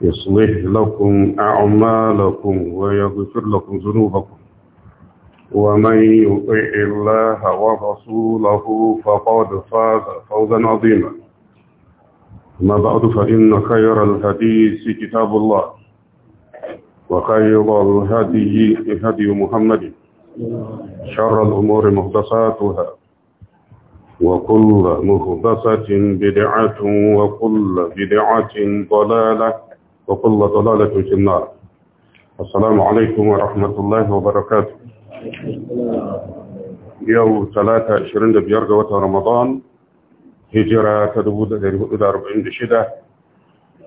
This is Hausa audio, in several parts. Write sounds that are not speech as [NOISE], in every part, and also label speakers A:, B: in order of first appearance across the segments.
A: يصلح لكم أعمالكم ويغفر لكم ذنوبكم ومن يطع الله ورسوله فقد فاز فوزا عظيما ما بعد فإن خير الحديث كتاب الله وخير الهدي هدي محمد شر الأمور محدثاتها وكل محدثة بدعة وكل بدعة ضلالة وكل ضلالة في النار السلام عليكم ورحمة الله وبركاته يوم ثلاثة عشرين دبيار جوة رمضان هجرة تدبود إلى أربعين دشدة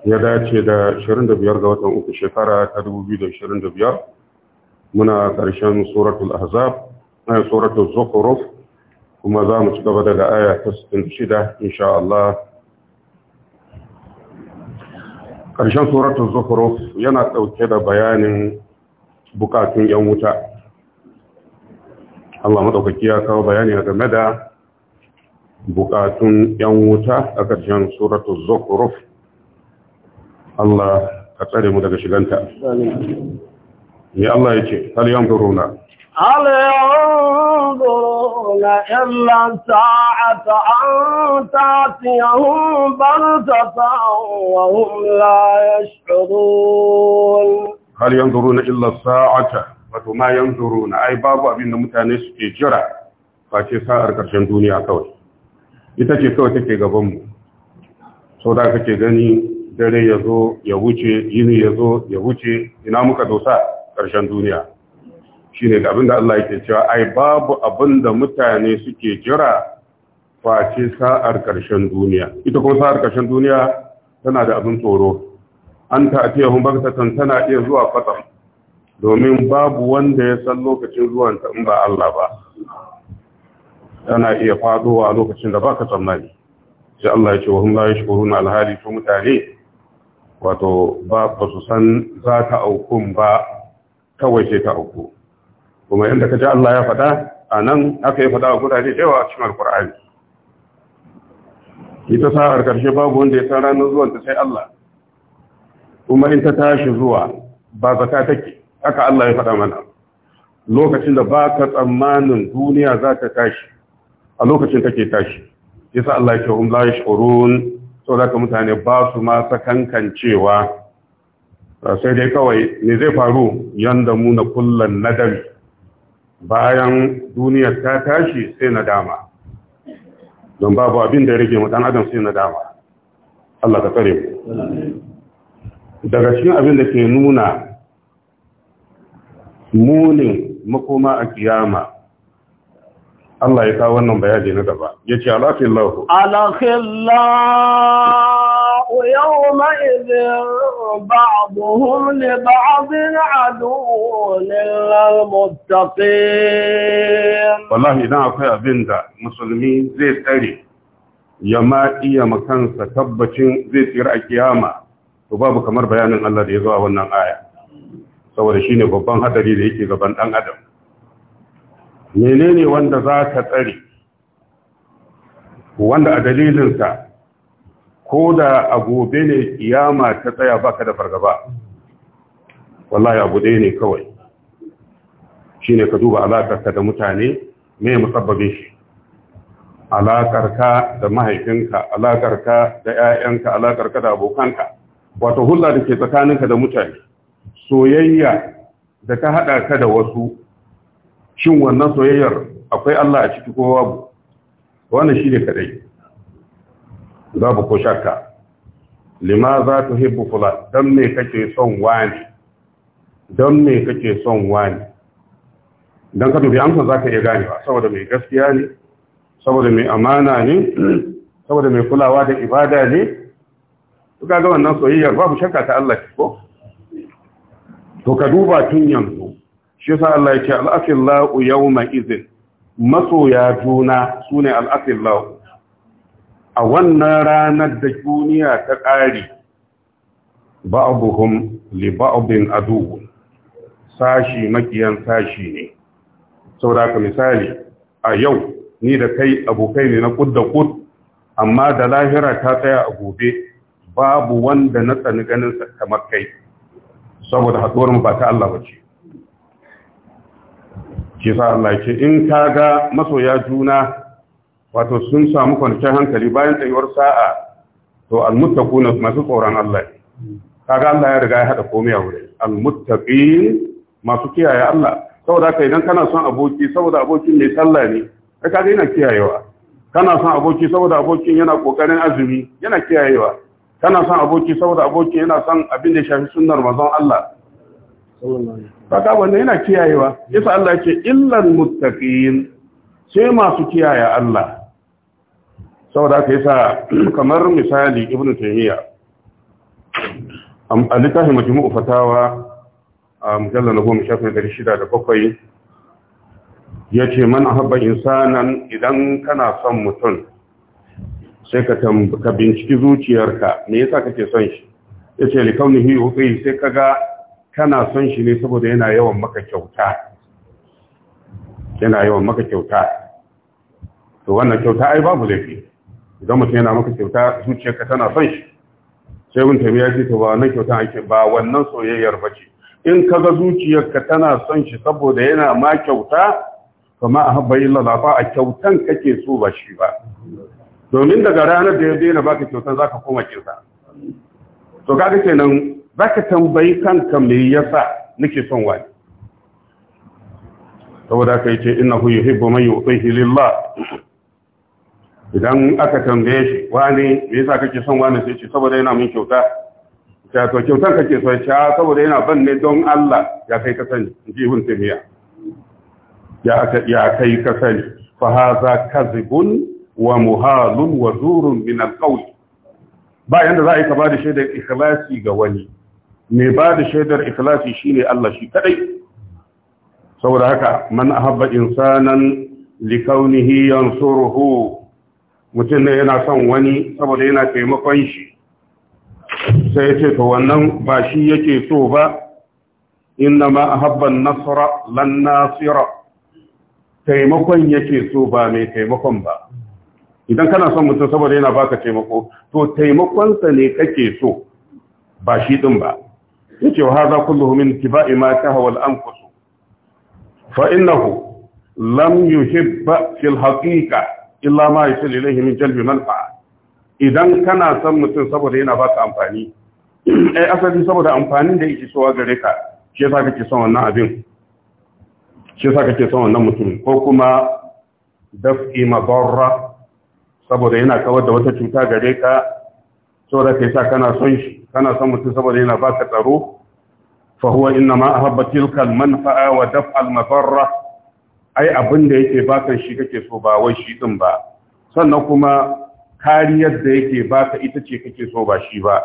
A: يدات شدة عشرين دبيار جوة أوك شكرة إلى عشرين دبيار منا قرشان سورة الأحزاب آه، سورة الزخرف وما زامت قبل الآية تسكن دشدة إن شاء الله ƙarshen suratun zukhruf yana ɗauke da bayanin bukatun yan wuta Allah maɗaukaki ya kawo bayani game da bukatun yan wuta a ƙarshen suratun zukhruf Allah ka tsare mu daga shiganta ya Allah ya ce hal yanzuruna
B: hal ينظرون إلا الساعة أن تأتيهم بغتة وهم لا يشعرون
A: هل ينظرون إلا الساعة وما ينظرون أي باب أبين متانس في جرى فأتي سائر كرشان دوني كوي إذا ce kawai take gabanmu كتغني dare ya zo ya wuce yini ya zo ya wuce ina muka dosa ƙarshen duniya Shi ne da abinda Allah yake cewa ai babu abinda mutane suke jira face sa'ar ƙarshen duniya ita kuma sa'ar ƙarshen duniya tana da abin tsoro an ta baka tan tana iya zuwa fatam domin babu wanda ya san lokacin zuwanta in ba Allah ba tana iya faduwa lokacin da baka tsammani sai Allah ya ce wa hum la yashkuruna alhali ko mutane wato ba ba su san za ta aukun ba kawai sai ta auku kuma yadda ka ji Allah ya faɗa a nan aka yi fada a gudaje da yawa a cikin alkur'ani ita sa'ar ƙarshe babu wanda ya san ranar zuwanta sai Allah kuma in ta tashi zuwa ba zaka take haka Allah ya faɗa mana lokacin da ba ka tsammanin duniya za ta tashi a lokacin take tashi yasa Allah ya ce hum la yashurun so zaka mutane ba su ma cewa sai dai kawai ne zai faru yanda mu na kullan nadami bayan duniya ta tashi sai na dama don babu abin da ya rage mutan adam sai na dama Allah ka tsare mu daga cikin abin da ke nuna munin makoma a kiyama Allah ya kawo wannan bayani na gaba yace alakhillahu
B: alakhillahu يومئذ بعضهم لبعض عدون إلا المتقين والله إذا أخي
A: أبن مسلمين زي تري يما إيا مكان ستبتين زي ترى كياما وباب مر بيان الله دي زوا ونن آية saboda shine babban hadari da yake gaban dan adam menene wanda zaka tsare wanda a dalilinsa ko da a gobe ne kiyama ta tsaya baka da fargaba wallahi abu buɗe ne kawai Shi ne ka duba alaƙarka da mutane me musabbabin shi alaƙarka da mahaifinka alaƙarka da 'ya'yanka alaƙarka da abokanka wato hulla da ke tsakaninka da mutane soyayya da ka haɗa ka da wasu shin wannan soyayyar akwai Allah a ciki ko babu wannan shi ne kadai babu ko shakka lima za ta hibbu kula don me kake son wani don me kake son wani don ka dubi amsa za ka iya ganewa saboda mai gaskiya ne saboda mai amana ne [CLEARS THROAT] saboda mai kulawa da ibada ne ga wannan soyayyar babu shakka ta Allah ko to ka duba tun yanzu shi sa Allah ya ce al-akhillau yawma idhin masoya juna sune al-akhillau a wannan ranar da duniya ta ƙari ba'abuhum li ba'abin adu sashi makiyan sashi ne saboda misali a yau ni da kai abokai ne na ƙud da kud amma da lahira ta tsaya a gobe babu wanda na tsani ganin kamar kai saboda haɗuwar mu ba ta Allah wace ke sa Allah ce in ka ga masoya juna wato sun samu kwanciyar hankali bayan tsayuwar sa'a to na masu tsoron Allah kaga Allah ya riga ya hada komai a wurin almuttaqin masu kiyaye Allah saboda kai idan kana son aboki saboda abokin mai sallah ne kai kaga yana kiyayewa kana son aboki saboda abokin yana kokarin azumi yana kiyayewa kana son aboki saboda abokin yana son abin da shafi sunnar manzon Allah kaga wanda yana kiyayewa yasa Allah yake illal muttaqin sai masu kiyaye Allah saboda aka yi sa kamar misali ibn taymiya a littafin majmu'u fatawa a mujallar na goma shafin ɗari shida da bakwai ya ce man haɓa insanan idan kana son mutum sai ka binciki zuciyarka me yasa kake son shi ya ce likaunihi hutsi sai ka ga kana son shi ne saboda yana yawan maka kyauta yana yawan maka kyauta to wannan kyauta ai babu laifi idan mutum yana maka kyauta zuciyarka tana son shi sai mun tabiya ce to ba wannan kyauta ake ba wannan soyayyar ba ce. in ka ga zuciyarka tana son shi saboda yana ma kyauta kama a illa fa a kyautan kake so ba shi ba domin daga ranar da ya daina baka kyautan zaka koma kinsa to kaga kenan zaka tambayi kanka me yasa nake son wani saboda kai ce innahu yuhibbu man yu'tihi lillah idan aka tambaye shi wani me yasa kake son wani sai ce saboda yana mun kyauta ta to kyautan kake son sha ah, saboda yana ban ne don Allah ya kai ka sani ji hun tafiya ya ya kai ka sani fa hadha kadhibun wa muhalun wa zurun min alqawl ba yanda za a yi ka bada shaidar ikhlasi ga wani mai bada shaidar ikhlasi shine Allah shi kadai saboda haka man ahabba insanan likaunihi yansuruhu mutum ne yana son wani saboda yana taimakon shi sai ya ce to wannan ba shi yake so ba inna ma habban nasara lan nasira taimakon yake so ba mai taimakon ba idan kana son mutum saboda yana baka taimako to taimakonsa ne kake so ba shi din ba yace wa hadha kulluhu min tibai ma tahwa al-anfus fa innahu lam yuhibba fil haqiqa illa ma yasil ilayhi min jalbi manfa'a idan kana son mutum saboda yana baka amfani [CLEARS THROAT] ai asali saboda amfanin da yake sowa gare ka shi yasa kake son wannan abin shi yasa kake son wannan mutum ko kuma daf'i madarra saboda yana kawar da wata cuta gare ka saboda kai sa kana son shi kana son mutum saboda yana baka tsaro fa huwa inma ahabba tilka al manfa'a wa daf'a al madarra ai abin da yake baka shi kake so ba wai shi din ba sannan kuma kariyar da yake baka ita ce kake so ba shi ba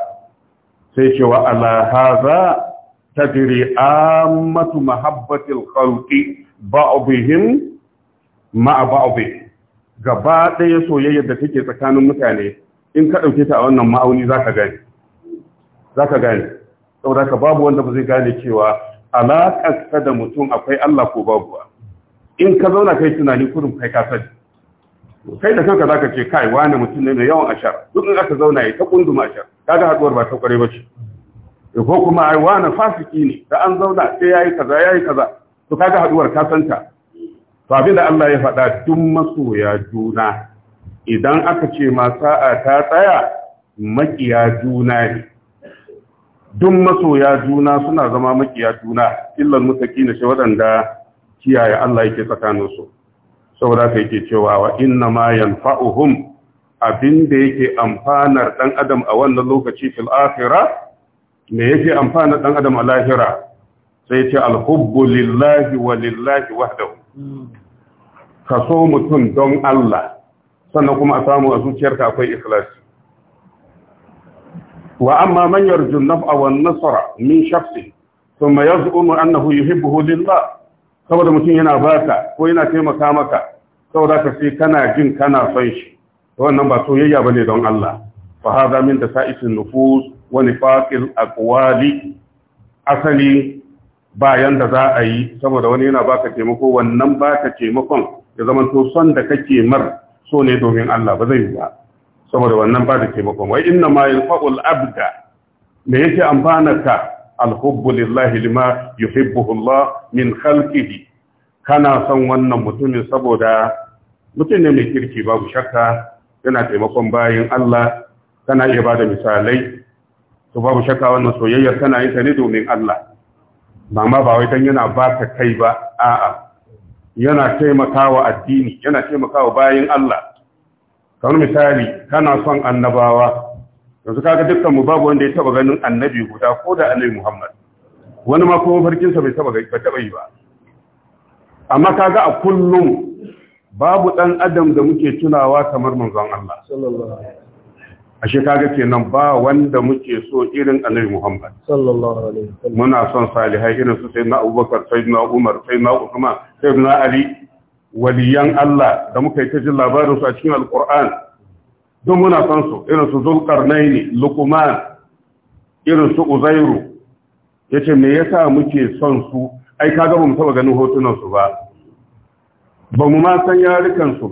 A: sai cewa ala hadha tadri ammatu mahabbati alkhalqi ba'dihim ma'a ba'dhi gaba ɗaya soyayyar da take tsakanin mutane in ka ɗauke ta a wannan ma'auni zaka gane zaka gane saboda ka babu wanda ba zai gane cewa alaƙar da mutum akwai Allah ko babu ba in ka zauna kai tunani kurin kai ka sani kai da kanka zaka ce kai wani mutum ne mai yawan ashar duk in aka zauna ya ta kunduma ashar kaga haduwar ba ta kware ce eh, ko kuma ai wani fasiki ne da an zauna sai yayi kaza yayi kaza to kaga haduwar ka santa to abinda Allah ya faɗa duk masoya juna idan aka ce ma sa'a ta tsaya makiya juna ne duk masoya juna suna zama makiya juna illan mutaki ne shi waɗanda kiyaye Allah yake tsakaninsu saboda ka yake cewa wa inna ma yanfa'uhum abin da yake amfanar dan adam a wannan lokaci fil me yake amfanar dan adam a lahira sai ce alhubbu lillahi wa lillahi wahdahu so mutum don Allah sannan kuma a samu a zuciyarka akwai ikhlas. wa amma man yarju nafa wan nasara min shakhsin thumma yaz'umu annahu yuhibbuhu lillah saboda mutum yana baka ko yana taimaka maka saboda ka sai kana jin kana son shi wannan ba soyayya bane don Allah fa hada min tasa'isin nufus wa nifaqil aqwali asali bayan da za a yi saboda wani yana baka taimako wannan baka taimakon ya zama to son da kake mar so ne domin Allah ba zai yi ba saboda wannan ba da taimakon wai inna ma yanfa'ul abda me yake amfana ka alhubbu lillahi lima yuhibbuhu Allah min khalqihi kana son wannan mutumin saboda mutum ne mai kirki babu shakka yana taimakon bayin Allah kana iya bada misalai to babu shakka wannan soyayyar tana yin ta ne domin Allah ba ma ba wai dan yana baka kai ba a'a yana taimakawa addini yana taimakawa bayin Allah kamar misali kana son annabawa yanzu kaga dukkan mu babu wanda ya taba ganin annabi guda ko da annabi Muhammad wani ma kuma farkin sa bai taba ba taba yi ba amma kaga a kullum babu dan adam da muke tunawa kamar manzon Allah sallallahu alaihi ashe kaga kenan ba wanda muke so irin annabi Muhammad
B: sallallahu alaihi
A: muna son salihai irin su sayyidina Abubakar sayyidina Umar sayyidina Uthman sayyidina Ali waliyan Allah da muka yi ta jin labarin su a cikin Al-Qur'an don muna son su irin su ne luqman irin su uzairu yace me yasa muke son su ai ka gaba mu taba ganin hotunansu su ba ba mu ma san yarukansu su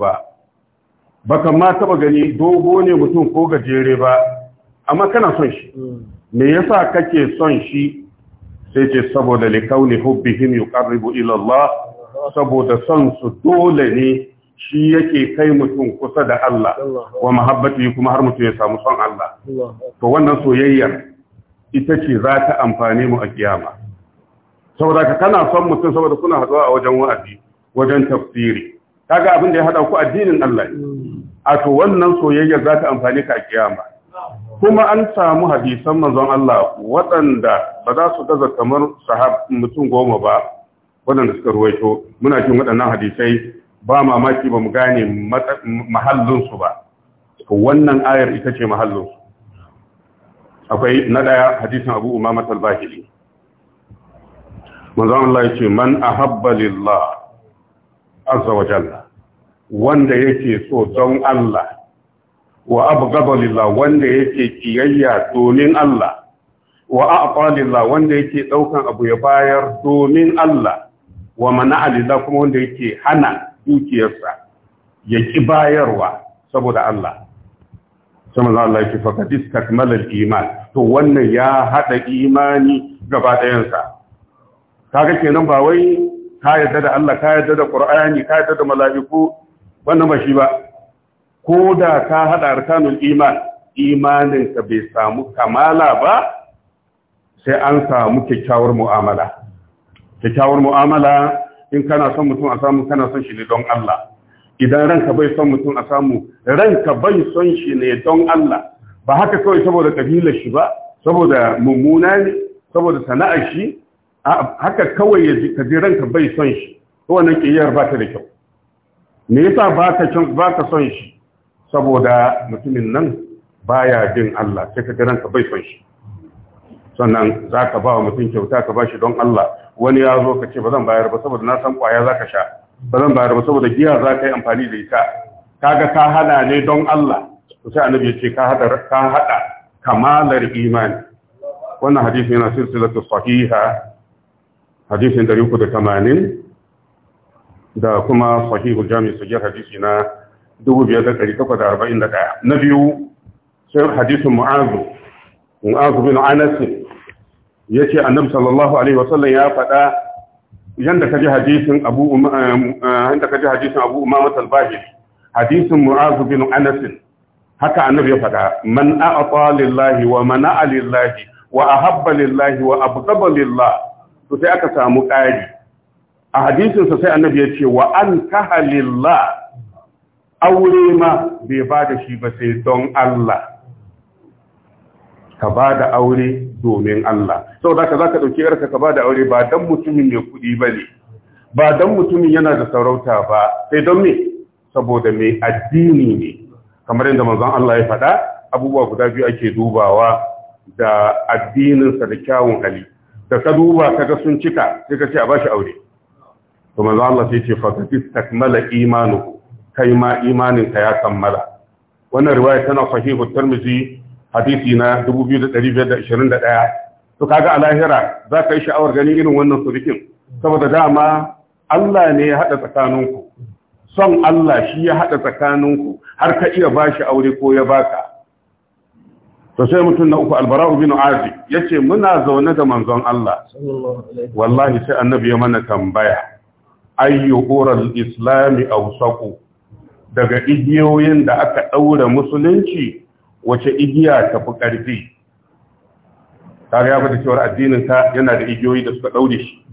A: ba kan ma taba gani dogo ne mutum ko gajere ba amma kana son shi hmm. me yasa kake son shi sai ce saboda likauni hubbihim yuqarribu ila Allah [LAUGHS] saboda son su dole ne shi yake kai mutum kusa da Allah wa mahabbati kuma har mutum ya samu son Allah to wannan soyayyar ita ce za ta amfane mu a kiyama saboda ka kana son mutum saboda kuna haɗuwa a wajen wa'azi wajen tafsiri kaga abin da ya haɗa ku addinin Allah hmm. a to wannan soyayyar za ta amfane ka a kiyama kuma an samu hadisan manzon Allah waɗanda ba za su gaza kamar sahab mutum goma ba waɗanda suka ruwaito muna jin waɗannan hadisai ba mamaki ba mu gane mahallinsu ba wannan ayar ita ce mahallinsu akwai na daya hadisin abu umama talbahili manzo Allah yace man ahabba lillah azza wa jalla wanda yake so don Allah wa abghada lillah wanda yake kiyayya domin Allah wa a'ta lillah wanda yake daukan abu ya bayar domin Allah wa mana'a lillah kuma wanda yake hana dukiyarsa ya ki bayarwa saboda Allah sama za Allah ki faka distakmalar iman to wannan ya haɗa imani gaba ɗayansa kaga kenan ba wai ka yarda da Allah ka yarda da Qur'ani ka yarda da mala'iku wannan ba shi ba ko da ka haɗa arkanul iman imanin bai samu kamala ba sai an samu kyakkyawar mu'amala kyakkyawar mu'amala in kana son mutum a samu kana son shi ne don Allah idan ranka bai son mutum a samu ranka bai son shi ne don Allah ba haka kawai saboda kabilar shi ba saboda mummuna ne saboda sana'ar shi haka kawai ka ji ranka bai son shi wannan kiyar ba ta da kyau me yasa ba ka ba ka son shi saboda mutumin nan baya bin Allah sai ka ga ranka bai son shi sannan za ka ba wa mutum kyauta ka ba shi don Allah wani ya zo ka ce ba zan bayar ba saboda na san kwaya zaka sha ba zan bayar ba saboda giya za ka yi amfani da ita kaga ka hana ne don Allah to sai annabi ya ce ka hada ka hada kamalar imani wannan hadisi yana silsilatu sahiha hadisin 380 da kuma sahihul jami sujjar hadisi na 2841 na biyu sai hadisin mu'azu mu'azu bin anas ya ce annabi sallallahu alaihi wasallam ya faɗa yadda ka hadisin abu eh, eh, yadda ka hadisin abu umama hadisin bin anas haka annabi ya faɗa man a'ata lillahi wa mana'a lillahi wa ahabba lillahi wa abghaba lillah to sai aka samu ƙari a hadisin sa sai annabi ya ce wa an kahalillah aure ma bai ba da shi ba sai don Allah ka ba da aure domin Allah saboda ka ka ɗauki yarka ka ba da aure ba dan mutumin mai kuɗi ba ne. ba dan mutumin yana da sarauta ba sai don me saboda mai addini ne kamar yadda manzon Allah ya faɗa abubuwa guda biyu ake dubawa da addininsa da kyawun hali da ka duba ka ga sun cika sai ka ce a ba shi aure to manzo Allah sai ce faqatis takmala imanu kai ma imanin ka ya kammala wannan riwaya tana sahihu tirmidhi hadisi na 2521 to kaga a lahira za ka yi sha'awar ganin irin wannan surukin saboda dama Allah ne ya haɗa tsakaninku son Allah shi ya haɗa tsakaninku har ka iya ba shi aure ko ya baka to sai mutum na uku albara'u bin azi ya ce muna zaune da manzon Allah wallahi sai annabi ya mana tambaya ayyu islami awsaqu daga igiyoyin da aka ɗaura musulunci wace igiya ta fi ƙarfi kaga ya fata cewar addinin sa yana da igiyoyi da suka daure shi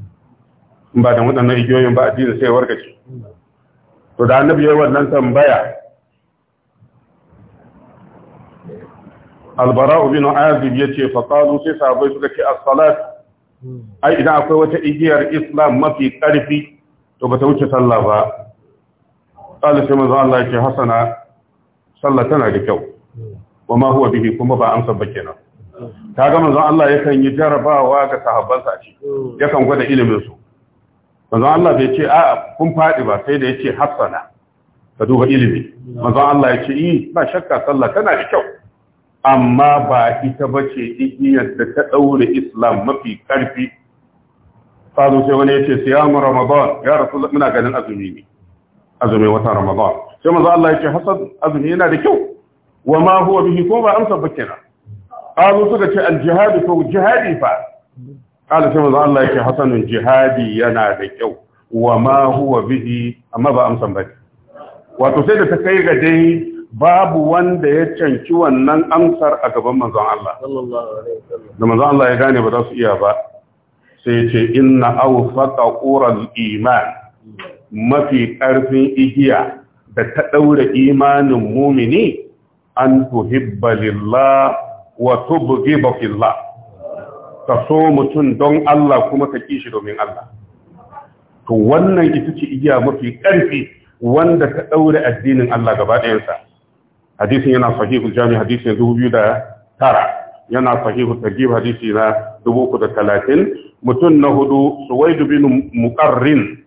A: in ba da waɗannan igiyoyin ba addinin sai warga shi. to da annabi biyar wannan tambaya albara bin azib yace fa qalu sai sahabbai suka ce as-salat ai idan akwai wata igiyar islam mafi ƙarfi to ba ta wuce sallah ba qala sai manzo Allah ce hasana sallah tana da kyau wa ma huwa bihi kuma ba amsa ba kenan kaga manzon Allah yakan yi jarabawa ga sahabbansa ce yakan gwada ilimin su manzon Allah bai ce a kun fadi ba sai da yace hasana ka duba ilimi manzon Allah yace yi ba shakka sallah tana da kyau amma ba ita bace igiyar da ta daure Islam mafi karfi fadu sai wani yace siyamu ramadan ya rasul muna ganin azumi ne azumi wata ramadan sai manzon Allah yace hasan azumi yana da kyau wa ma huwa bihi ko ba amsa bakira qalu suka ce al jihad ko jihadi fa qala sai manzo Allah yake hasanun jihadi yana da kyau wa ma huwa bihi amma ba amsa ba wato sai da ta kai ga dai babu wanda ya canci wannan amsar a gaban manzon Allah da manzon Allah ya gane ba za su iya ba sai ya ce inna awfaqa qural iman mafi karfin igiya da ta daura imanin mumini an tuhibba lillah wa tubghiba fillah ka so mutum don Allah kuma ka kishi domin Allah to wannan ita ce iya mafi karfi wanda ta daure addinin Allah gaba ɗayansa hadisin yana sahihu jami hadisin 2009 yana sahihu tajib hadisi na 330 mutum na hudu Suwaid bin muqarrin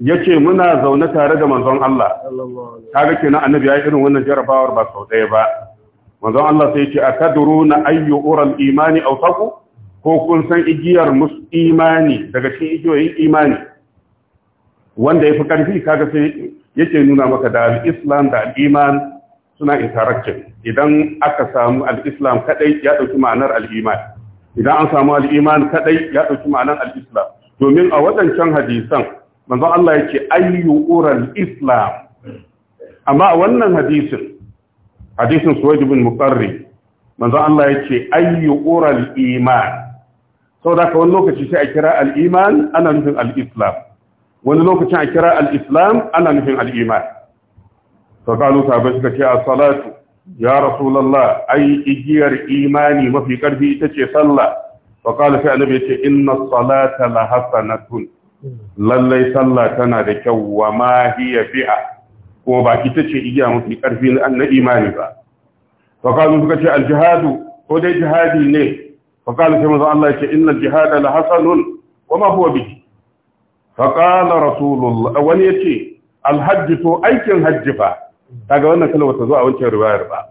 A: yace muna zaune tare da manzon Allah kaga kenan annabi ya irin wannan jarabawar ba sau ɗaya ba manzon Allah sai yace atadruna ayyu ural imani aw taqu ko kun san igiyar mus imani daga cikin igiyoyin imani wanda yafi karfi kaga sai yake nuna maka da al'islam da al suna interaction idan aka samu al'islam islam kadai ya ɗauki ma'anar al idan an samu al kaɗai kadai ya ɗauki ma'anar al'islam. domin a wadancan hadisan manzo Allah yake ayyu ural islam amma a wannan hadisin hadisin suwaid ibn muqarrib manzo Allah yake ayyu ural iman saboda ka wani lokaci sai a kira al'iman ana nufin al'islam, wani lokacin a kira al'islam ana nufin al'iman. iman to kalu suka ce a salatu ya rasulullah ai igiyar imani mafi karfi ita ce sallah fa qala sai annabi yace inna salata la hasanatun lallai sallah tana da kyau wa ma hiya fi'a kuma ba ita ce igiya mafi karfi na imani ba fa kalu suka ce aljihadu ko dai jihadi ne fa kalu sai manzo Allah yake inna aljihada la hasanun wa ma huwa bihi fa qala rasulullah wani yace alhajj to aikin hajji fa kaga wannan kalma ta zo a wancan riwayar ba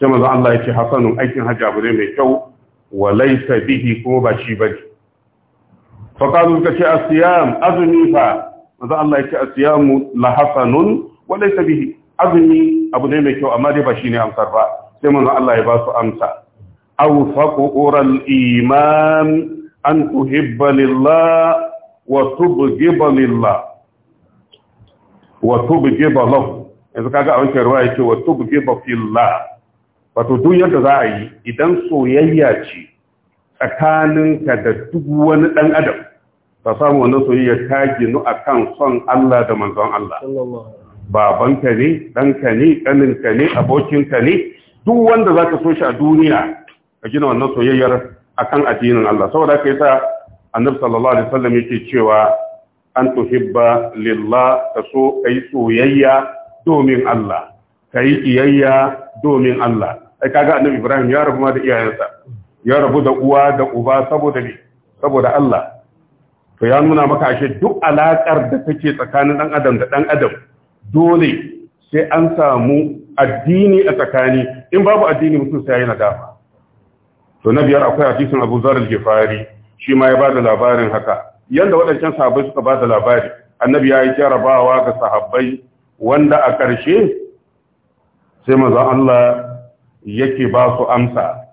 A: sai manzo Allah yake hasanun aikin hajji abu ne mai kyau wa laysa bihi kuma ba shi bane faƙalu suka ce asiyam azumi fa maza Allah ya ce asiyamu la hasanun wale bihi azumi abu ne mai kyau amma dai ba shi ne amsar ba sai manzo Allah ya ba su amsa aw faqural iman an tuhibba lillah wa tubghiba lillah wa tubghiba lahu yanzu kaga a wancan ruwa ce wa tubghiba fillah wato duk yadda za a yi idan soyayya ce tsakaninka da duk wani dan adam ka samu wannan soyayya ta ginu kan son Allah da manzon Allah babanka ne ɗanka ne ɗaninka ne abokinka ne duk wanda za ka so shi a duniya ka gina wannan soyayyar a kan addinin Allah saboda ka yi sa annabi sallallahu alaihi wasallam yake cewa an tuhibba lillah ka so ka yi soyayya domin Allah Ka yi iyayya domin Allah ai kaga annabi Ibrahim ya rabu ma da iyayensa ya rabu da uwa da uba saboda ne saboda Allah to ya nuna maka ashe duk alaƙar da take tsakanin ɗan adam da ɗan adam dole sai an samu addini a tsakani in babu addini mutum sai yana dama to na biyar akwai hadisin Abu Zar al-Ghifari shi ma ya bada labarin haka yanda wadancan sahabbai suka bada labari annabi ya yi jarabawa ga sahabbai wanda a ƙarshe sai manzon Allah yake ba su amsa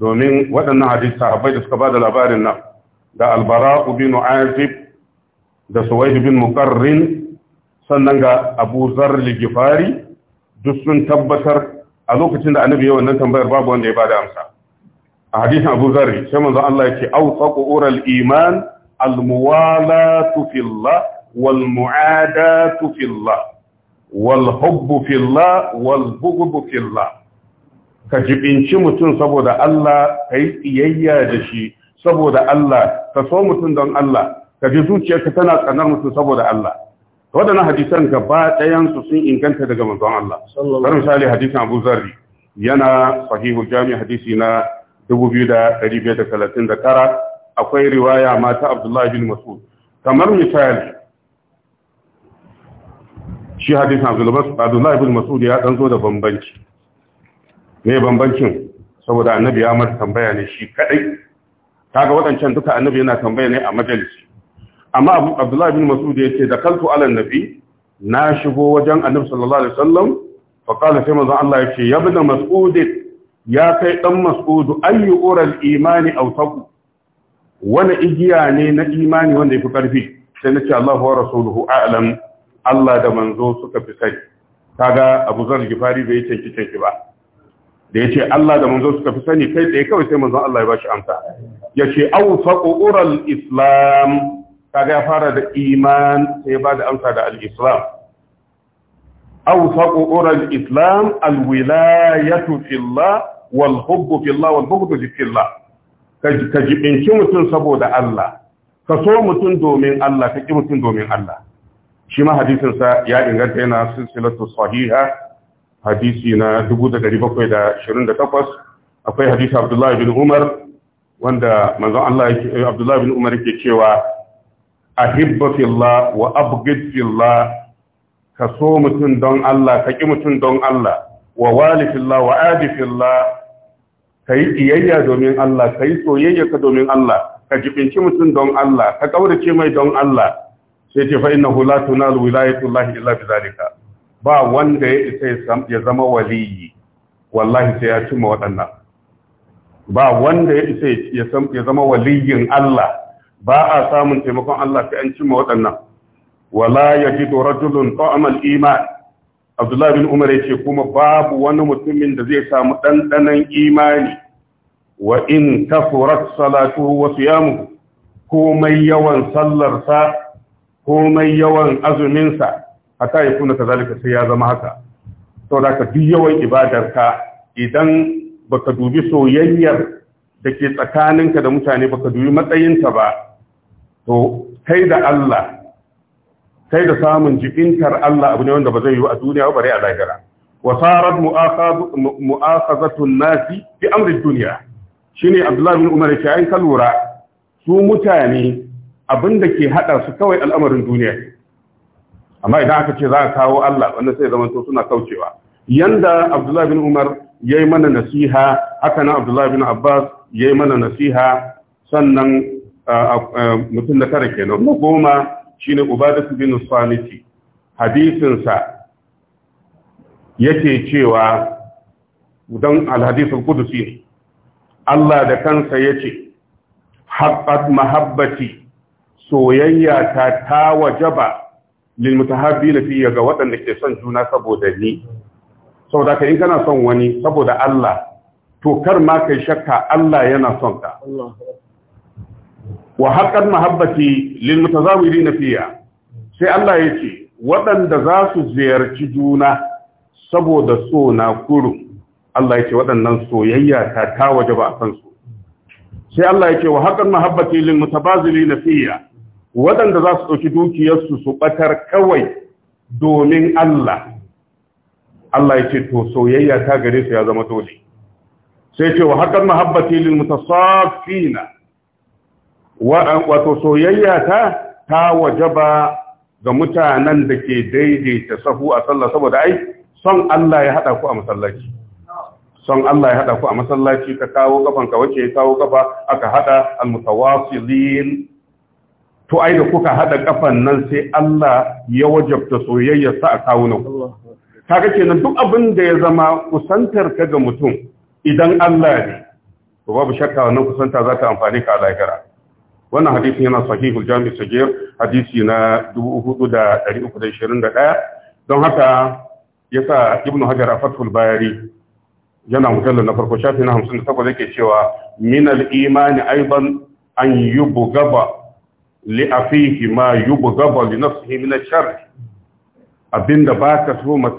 A: domin waɗannan hadisi sahabbai da suka bada labarin nan da albara'u bin azib da suwaid bin muqarrin sannan ga abu zar duk sun tabbatar a lokacin da annabi ya wannan tambayar babu wanda ya bada amsa a hadisin abu zarri sai manzon Allah ya au awsaqu ural iman almuwala fillah wal mu'adatu fillah wal hubbu fillah wal bughdu fillah ka jibinci mutum saboda Allah kai iyayya da shi saboda Allah ka so mutum don Allah ka ji zuciyarka tana tsanar mutum saboda Allah waɗannan hadisan gaba ɗayan sun inganta daga manzon Allah kar misali hadisan Abu Zarri yana sahihul jami hadisi na 2539 akwai riwaya mata Abdullah bin Mas'ud kamar misali shi hadisin Abdullah bin Mas'ud ya dan zo da bambanci me bambancin saboda annabi ya mar tambaya ne shi kadai kaga waɗancan duka annabi yana tambaya ne a majalisi amma abu abdullahi bin mas'ud ce da kaltu ala nabi na shigo wajen annabi sallallahu alaihi wasallam fa qala sai manzon Allah ce ya bin mas'ud ya kai dan mas'ud ayu ural imani aw taqu wani igiya ne na imani wanda yafi karfi sai nace Allahu wa rasuluhu a'lam Allah da manzo suka fi sani kaga Abu Zar Gifari bai canki canki ba da ya ce Allah da manzo suka fi sani kai tsaye kawai sai manzo Allah ya bashi amsa yace awsaqu ural islam kaga ya fara da iman sai ba da amsa da al-islam awsaqu ural islam al-wilayatu fillah wal hubbu fillah wal bughdu fillah ka jibinci mutum saboda Allah ka so mutum domin Allah ka ki mutum domin Allah shi ma hadisin sa ya inganta yana silsilatu sahiha hadisi na 1728 akwai hadisi abdullahi bin umar wanda manzon Allah eh, abdullahi bin umar yake cewa a fillah wa abghid ka so mutum don Allah ka ki mutum don Allah wa wali fillah wa adi Ka yi iyayya domin Allah kai soyayya ka domin Allah ka jibinci mutum don Allah ka kaurace mai don Allah sai ce fa innahu la tunalu wilayatu llahi bi bizalika ba wanda ya isa ya zama waliyi wallahi sai ya cimma waɗannan ba wanda ya isa ya zama waliyin Allah ba a samun taimakon Allah sai an cimma waɗannan wala yajidu rajulun ta'amal iman Abdullah bin Umar yace kuma babu wani mutumin da zai samu dandanan imani wa in kafurat salatu wa siyamu komai yawan sallarsa komai yawan azuminsa hatta ya kuna kazalika sai ya zama haka da ka duk yawan ibadarka idan baka dubi soyayyar da ke tsakaninka da mutane baka dubi matsayinta ba to kai da Allah kai da samun jibintar Allah abu ne wanda ba zai yi a duniya ba bare a lahira wa sarat mu'akhazatu an-nasi bi amri dunya shine Abdullah bin Umar ya kalura su mutane abinda ke hada su kawai al'amarin duniya amma idan aka ce za a kawo Allah wanda sai zama to suna kaucewa yanda Abdullah bin Umar yayi mana nasiha haka na Abdullah bin Abbas yayi mana nasiha sannan mutum da kare kenan na goma shine Ubadah bin Samiti hadisin sa yake cewa dan al-hadith ne Allah da kansa yace haqqat mahabbati soyayya ta ta wajaba lil mutahabbina fiya ga waɗanda ke son juna saboda ni saboda ka in kana son wani saboda Allah to kar ma kai shakka Allah yana son ka wa haqqan mahabbati lil mutazawirin fiya sai Allah yace waɗanda za su ziyarci juna saboda so na kuru Allah yace waɗannan soyayya ta ta ba a kansu sai Allah yace wa haqqan mahabbati lil mutabazilin fiya waɗanda za su ɗauki dukiyarsu su ɓatar kawai domin Allah Allah ya ce to soyayya ta gare su ya zama dole sai ce wa hakan mahabbati lil mutasaffina wato soyayya ta ta wajaba ga mutanen da ke daidaita sahu a sallah saboda ai son Allah ya haɗa ku a masallaci son Allah ya haɗa ku a masallaci ka kawo kafan ka wace ya kawo kafa aka haɗa al mutawasilin to ai da kuka hada kafan nan sai Allah ya wajabta soyayya sa a kawunan kaga kenan duk abin da ya zama kusantar ka ga mutum idan Allah ne to babu shakka wannan kusanta za ta amfani ka a lahira wannan hadisin yana sahihul jami sagir hadisi na 4321 don haka yasa ibnu hajar a fathul bayari yana mujallar na farko shafi na 58 yake cewa min al-imani aidan an gaba li afihi ma yubghaba li nafsihi min abinda baka so ma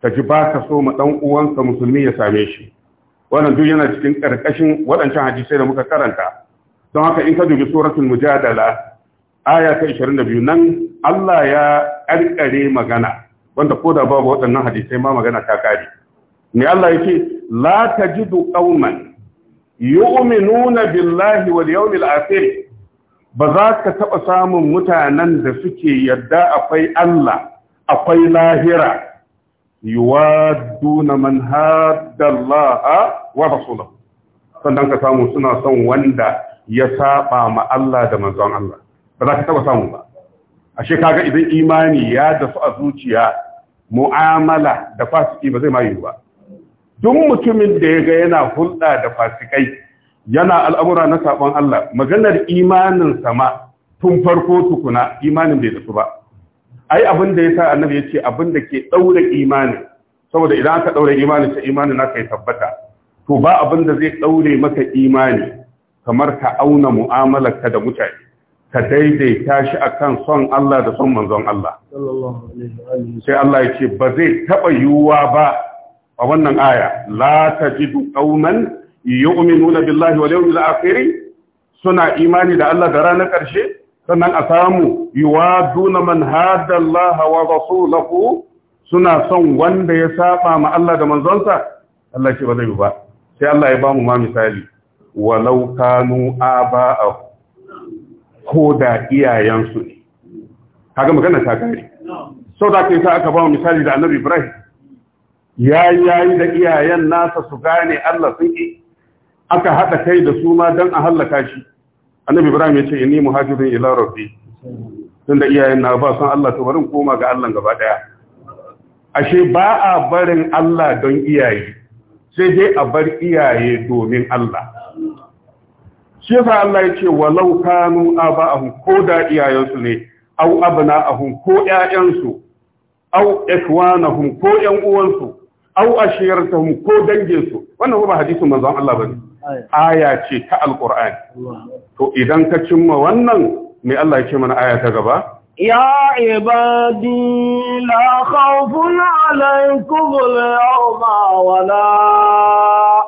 A: kaji baka so ma musulmi ya same shi wannan duk yana cikin ƙarƙashin wadancan hadisai da muka karanta don haka in ka dubi suratun mujadala aya ta 22 nan Allah ya karkare magana wanda koda babu waɗannan hadisai ma magana ta kare me Allah yake la tajidu qauman yu'minuna billahi wal yawmil akhir ba za ka taɓa samun mutanen da suke yadda akwai Allah akwai lahira duna man haddallaha wa suna. sannan ka samu suna son wanda ya saba ma Allah da manzon Allah ba za ka taɓa samu ba ashe kaga idan imani ya da su a zuciya mu'amala da fasiki ba zai ma yiwu ba duk mutumin da ya ga yana hulɗa da fasikai yana al'amura na sabon Allah maganar imanin sama tun farko tukuna imanin bai tafi ba ai abin da yasa annabi yace abin da ke daura imanin saboda idan aka daura imanin sai imanin naka ya tabbata to ba abin da zai daure maka imani kamar ka auna ka da mutane ka daidaita shi kan son Allah da son manzon Allah sai Allah ya ce ba zai taɓa yiwuwa ba a wannan aya la tajidu qauman yu'minuna billahi wal yawmil akhir suna imani da Allah da ranar ƙarshe sannan a samu yuwaduna man hada Allah wa rasulahu suna son wanda ya saba ma Allah da manzonsa Allah shi ba zai ba sai Allah ya bamu ma misali walau kanu aba'ahu ko da iyayensu ne kaga magana ta kare sau da kai sa aka bamu misali da annabi ibrahim ya yi da iyayen nasa su gane allah sun ki aka haɗa kai da su ma don a hallaka shi annabi ibrahim ya ce inni muhajirin ila rabbi tun da iyayen na ba son allah to barin koma ga allah gaba ɗaya ashe ba a barin allah don iyaye sai dai a bar iyaye domin allah shi yasa allah ya ce walau kanu aba'ahum ko da iyayensu ne au abna'ahum ko ƴaƴansu au ikwanahum ko ƴan uwansu au ashiyartahum ko su wannan ba hadisin manzon allah bane aya ce ta alqur'ani to idan ka cimma wannan me Allah ya ce mana aya ta gaba
B: يا عبادي لا خوف عليكم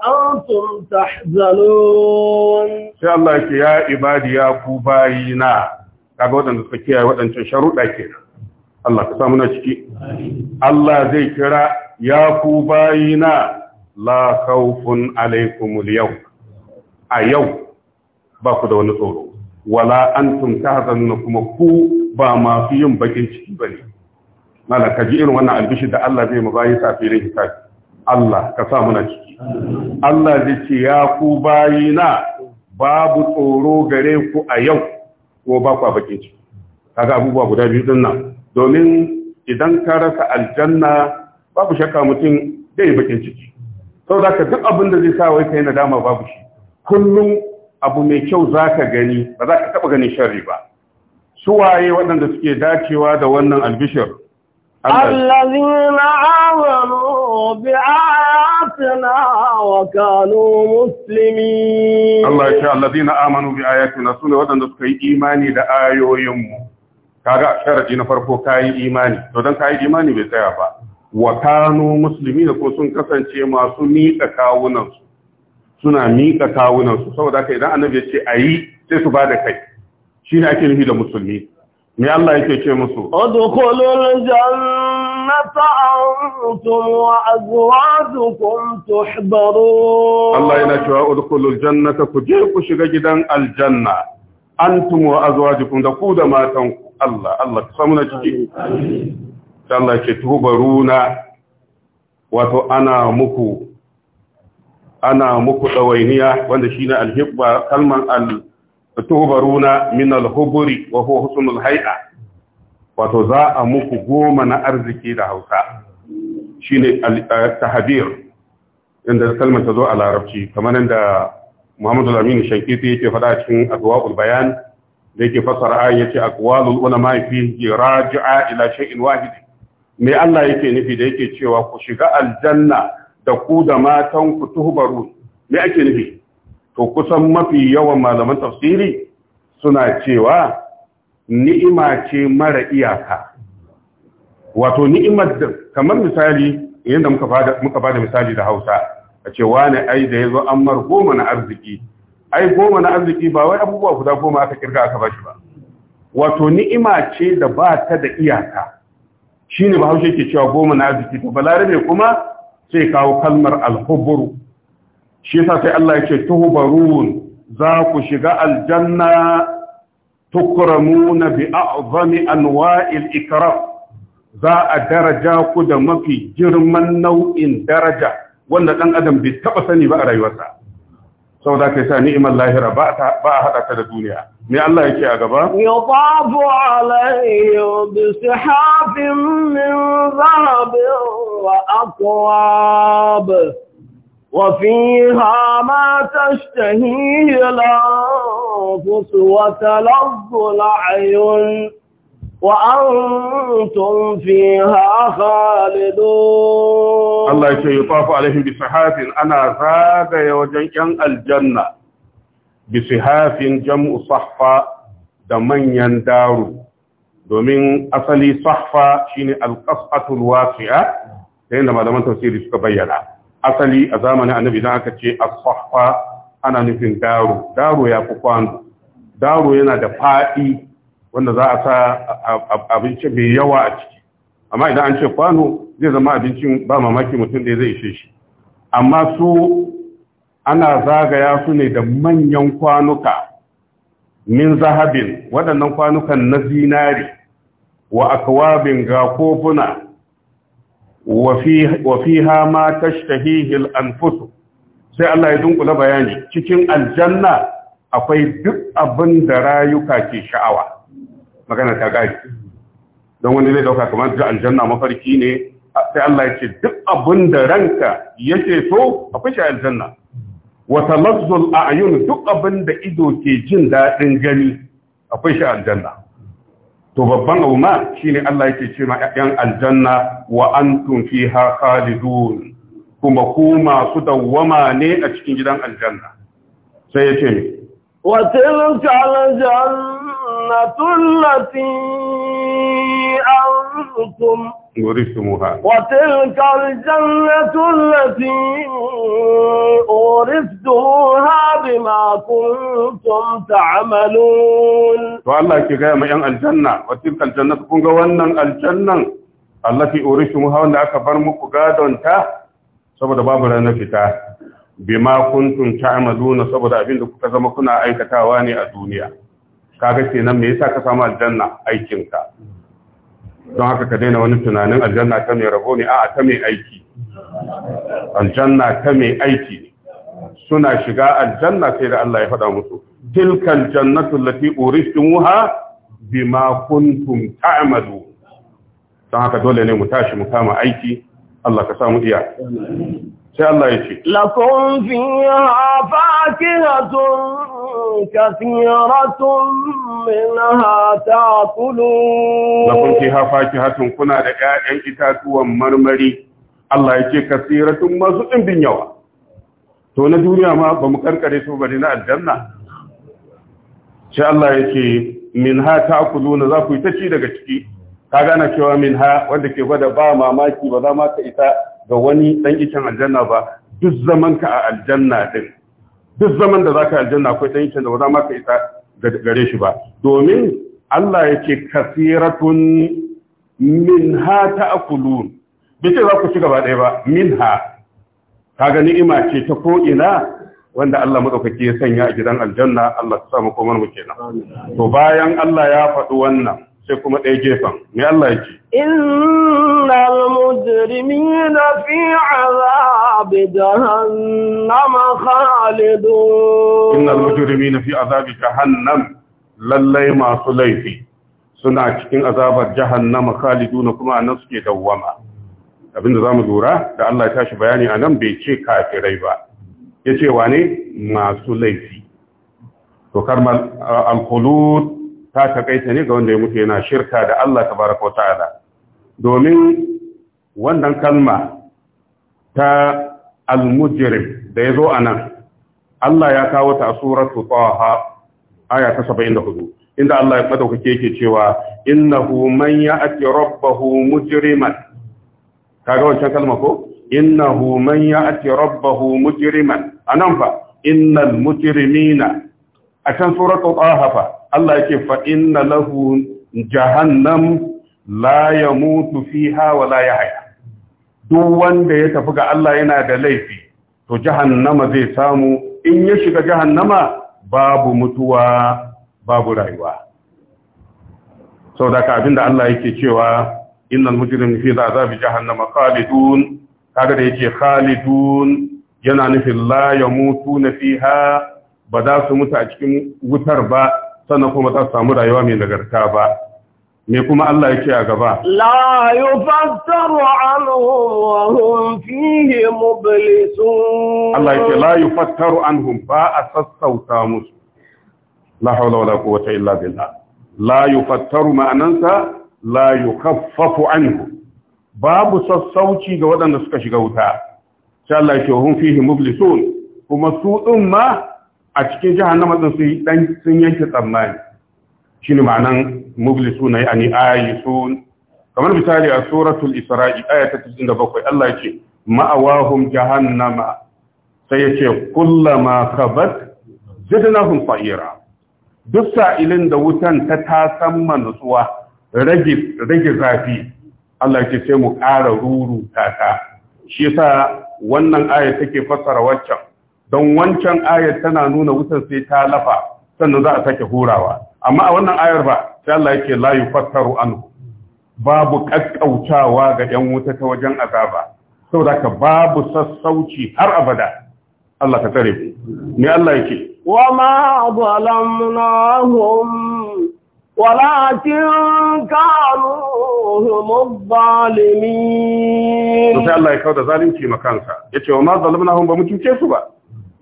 B: antum
A: tahzanun. أنتم Allah شاء ya ibadi ya ku bayina. kaga waɗanda suka kiyaye wadancan sharuɗa ke Allah ka samu na ciki Allah zai kira ya ku bayina la khawfun al yau a yau ba ku da wani tsoro wala an tun ka tahzanuna kuma ku ba masu yin bakin ciki ba bane ka ji irin wannan albishi da Allah zai mu bayi safirin hisabi Allah ka sa muna ciki Allah zai ce ya ku bayina babu tsoro gare ku a yau ko ba ku bakin ciki kaga abubuwa guda biyu din nan domin idan ka rasa aljanna babu shakka mutum zai bakin ciki sau da ka duk abin da zai sa wai kai nadama babu shi kullum abu mai kyau za ka gani ba za ka taɓa gani sharri ba su waye waɗanda suke dacewa da wannan albishir
B: allazina amanu bi ayatina wa kanu muslimin Allah ya
A: allazina amanu bi ayatina sune waɗanda suka yi imani da ayoyin mu kaga sharadi na farko kayi imani to dan kayi imani bai tsaya ba wa kanu muslimin ko sun kasance masu ni kawunansu kawunan su suna miƙa kawunansu saboda haka idan annabi ya ce a yi sai su ba da kai shi ne ake nufi da musulmi me Allah yake ce musu
B: udkhulul jannata antum wa azwajukum tuhbarun Allah yana cewa
A: udkhulul jannata ku je ku shiga gidan aljanna antum wa azwajukum da ku da matan Allah Allah ka samu na ciki amin Allah ya ce tuhbaruna wato ana muku ana muku ɗawainiya wanda shine alhibba kalman al-tubaruna min al-huburi wa huwa husnul hay'a wato za a muku goma na arziki da Hausa shine al-tahdir inda kalmar ta zo a larabci kamar inda Muhammadu Lamini Shankiti yake faɗa cikin Adwaul Bayan da yake fassara ayin yace aqwalul ulama fi raji'a ila shay'in wahid me Allah yake nufi da yake cewa ku shiga aljanna da ku da matan ku tuhbaru me ake nufi to kusan mafi yawan malaman tafsiri suna cewa ni'ima ce mara iyaka wato ni'imar da kamar misali yadda muka fada muka fada misali da Hausa a ce wani ai da yazo an mar goma na arziki ai goma na arziki ba wai abubuwa guda goma aka kirga aka bashi ba wato ni'ima ce da ba ta da iyaka shine bahaushe ke cewa goma na arziki to balarabe kuma sai kawo kalmar alhuburu shi yasa sai Allah yake tuhbarun za ku shiga aljanna tukramuna bi a'zami anwa'il ikram za a daraja ku da mafi girman nau'in daraja wanda dan adam bai taba sani ba a rayuwarsa da ke sa ni'imar lahira ba a haɗa ta da duniya me Allah yake a gaba
B: yutafu alayhi bi sihafin min وفيها ما تشتهيه الأنفس وتلظ الأعين وأنتم فيها خالدون
A: الله يطاف عليهم بصحات أنا زاد يوجن الجنة bisihafin jam'u sahfa da manyan daru domin asali sahfa shine alqas'atul wasi'a da yanda malaman tafsiri suka bayyana asali a zamanin annabi dan aka ce as-sahfa ana nufin daru daru ya fi kwano daru yana da fadi wanda za a sa abinci mai yawa a ciki amma idan an ce kwano zai zama abincin ba mamaki mutum da zai ishe shi amma su ana zagaya su ne da manyan kwanuka min zahabin waɗannan kwanukan na zinari wa akwabin ga kofuna wa ha ma hihil an fusu. sai Allah ya dunkula bayani cikin aljanna akwai duk abin da rayuka ke sha'awa magana ta gari don wani zai dauka kamar da aljanna mafarki ne sai Allah ya ce duk abin da ranka yake so akwai shi aljanna wata lafzul a ayyun duk abin da ido ke jin daɗin gani akwai shi aljanna to babban abu ma shine Allah yake ce ma ƴan aljanna wa antum fiha khalidun kuma ku masu dawwama ne a cikin gidan aljanna sai ya ce
B: wa tilka aljannatu allati antum
A: ورثتموها
B: وتلك الجنة التي ورثتموها بما كنتم تعملون
A: فالله كي ما ين الجنة وتلك الجنة كون غوانن الجنة التي ورثتموها وانا أكبر مقادة انتا سبدا saboda babu ranar fita bima kuntum ta'maluna saboda abinda kuka zama kuna aikatawa ne kaga kenan me yasa ka samu aljanna aikinka don haka ka daina wani tunanin aljanna ta mai rabo ne a ta mai aiki aljanna ta mai aiki suna shiga aljanna sai da Allah ya faɗa musu tilkan jannatu allati wuha bima kuntum ta'malu don haka dole ne mu tashi mu kama aiki Allah ka samu iya sai Allah ya ce
B: lakum fiha fakihatun kathiratun minha ta'kulun
A: lakum kuna da ƴaƴan itatuwan marmari Allah ya ce kathiratun masu ɗimbin yawa to na duniya ma ba mu karkare su bari na aljanna sai Allah ya ce minha ta'kuluna za ku yi ta ci daga ciki ka gane cewa minha wanda ke gwada ba mamaki ba za ma ka ita. ga wani dan ikin aljanna ba duk zaman ka a aljanna din duk zaman da zaka aljanna akwai dan ikin da ba za ma ka isa gare shi ba domin Allah yake kasiratun minha ta'kulun bai ce za ku ci gaba ɗaya ba minha ka ga ni'ima ce ta ko ina wanda Allah madaukake ya sanya a gidan aljanna Allah ya sa mu komar mu kenan to bayan Allah ya faɗi wannan sai kuma ɗaya gefen mai Allah
B: yake innal na fi azabi Inna khalidun innal
A: na fi azabi jahannam lallai masu laifi suna cikin azabar jahannam khalidun kuma nan suke dawwama abinda zamu lura da Allah ya tashi bayani anan bai ce kafirai ba ya yace wane masu laifi to karmal al-khulud ta takaita ne ga wanda ya mutu yana shirka da Allah Ta tabaraka wa ta'ala domin wannan kalma ta al-mujrim da yazo anan Allah ya kawo ta a suratu Taha aya ta 74 inda Allah ya madaukake yake cewa innahu man ya'ti rabbahu mujriman kaga wancan kalma ko innahu man ake rabbahu mujriman anan fa innal mujrimina a can suratul taha fa Allah yake fa inna lahu jahannam la yamutu fiha wa la yahya duk wanda ya tafi ga Allah yana da laifi to jahannama zai samu in ya shiga jahannama babu mutuwa babu rayuwa sau da ka abinda Allah yake cewa innal mujrimin fi azabi jahannama khalidun kaga da yake khalidun yana nufin la yamutu fiha ba za su mutu a cikin wutar ba sannan kuma za su samu rayuwa mai nagarta ba me kuma Allah yake a gaba
B: la yufassaru anhum wa hum fihi mublisun Allah yake la
A: yufassaru anhum ba a sassauta musu la hawla wala quwwata illa billah la yufattaru ma'anansa la yukaffafu anhum babu sassauci ga waɗanda suka shiga wuta sai Allah yake hum fihi mublisun kuma su din ma a cikin jahannama din su ɗan sun yanke tsammani shine ma'anan a yani ayisun kamar misali a suratul isra'i aya ta 97 Allah yake ma'awahum jahannama sai yace kullama kabat zidnahum sa'ira duk sa'ilin da wutan ta tasan manutsuwa rage rage zafi Allah yake sai mu ƙara ruru ta. shi yasa wannan aya take fassara waccan don wancan ayar tana nuna wutar sai ta lafa sannan za a sake horawa, amma a wannan ayar ba sai Allah yake la yufattaru anhu babu kakkautawa ga ɗan wuta ta wajen azaba saboda ka babu sassauci har abada Allah ka tare me Allah yake
B: wa ma zalamnahum ولكن كانوا هم to sai Allah ya kauda
A: zalunci makansa yace wa ma zalamnahum ba mu cuce su ba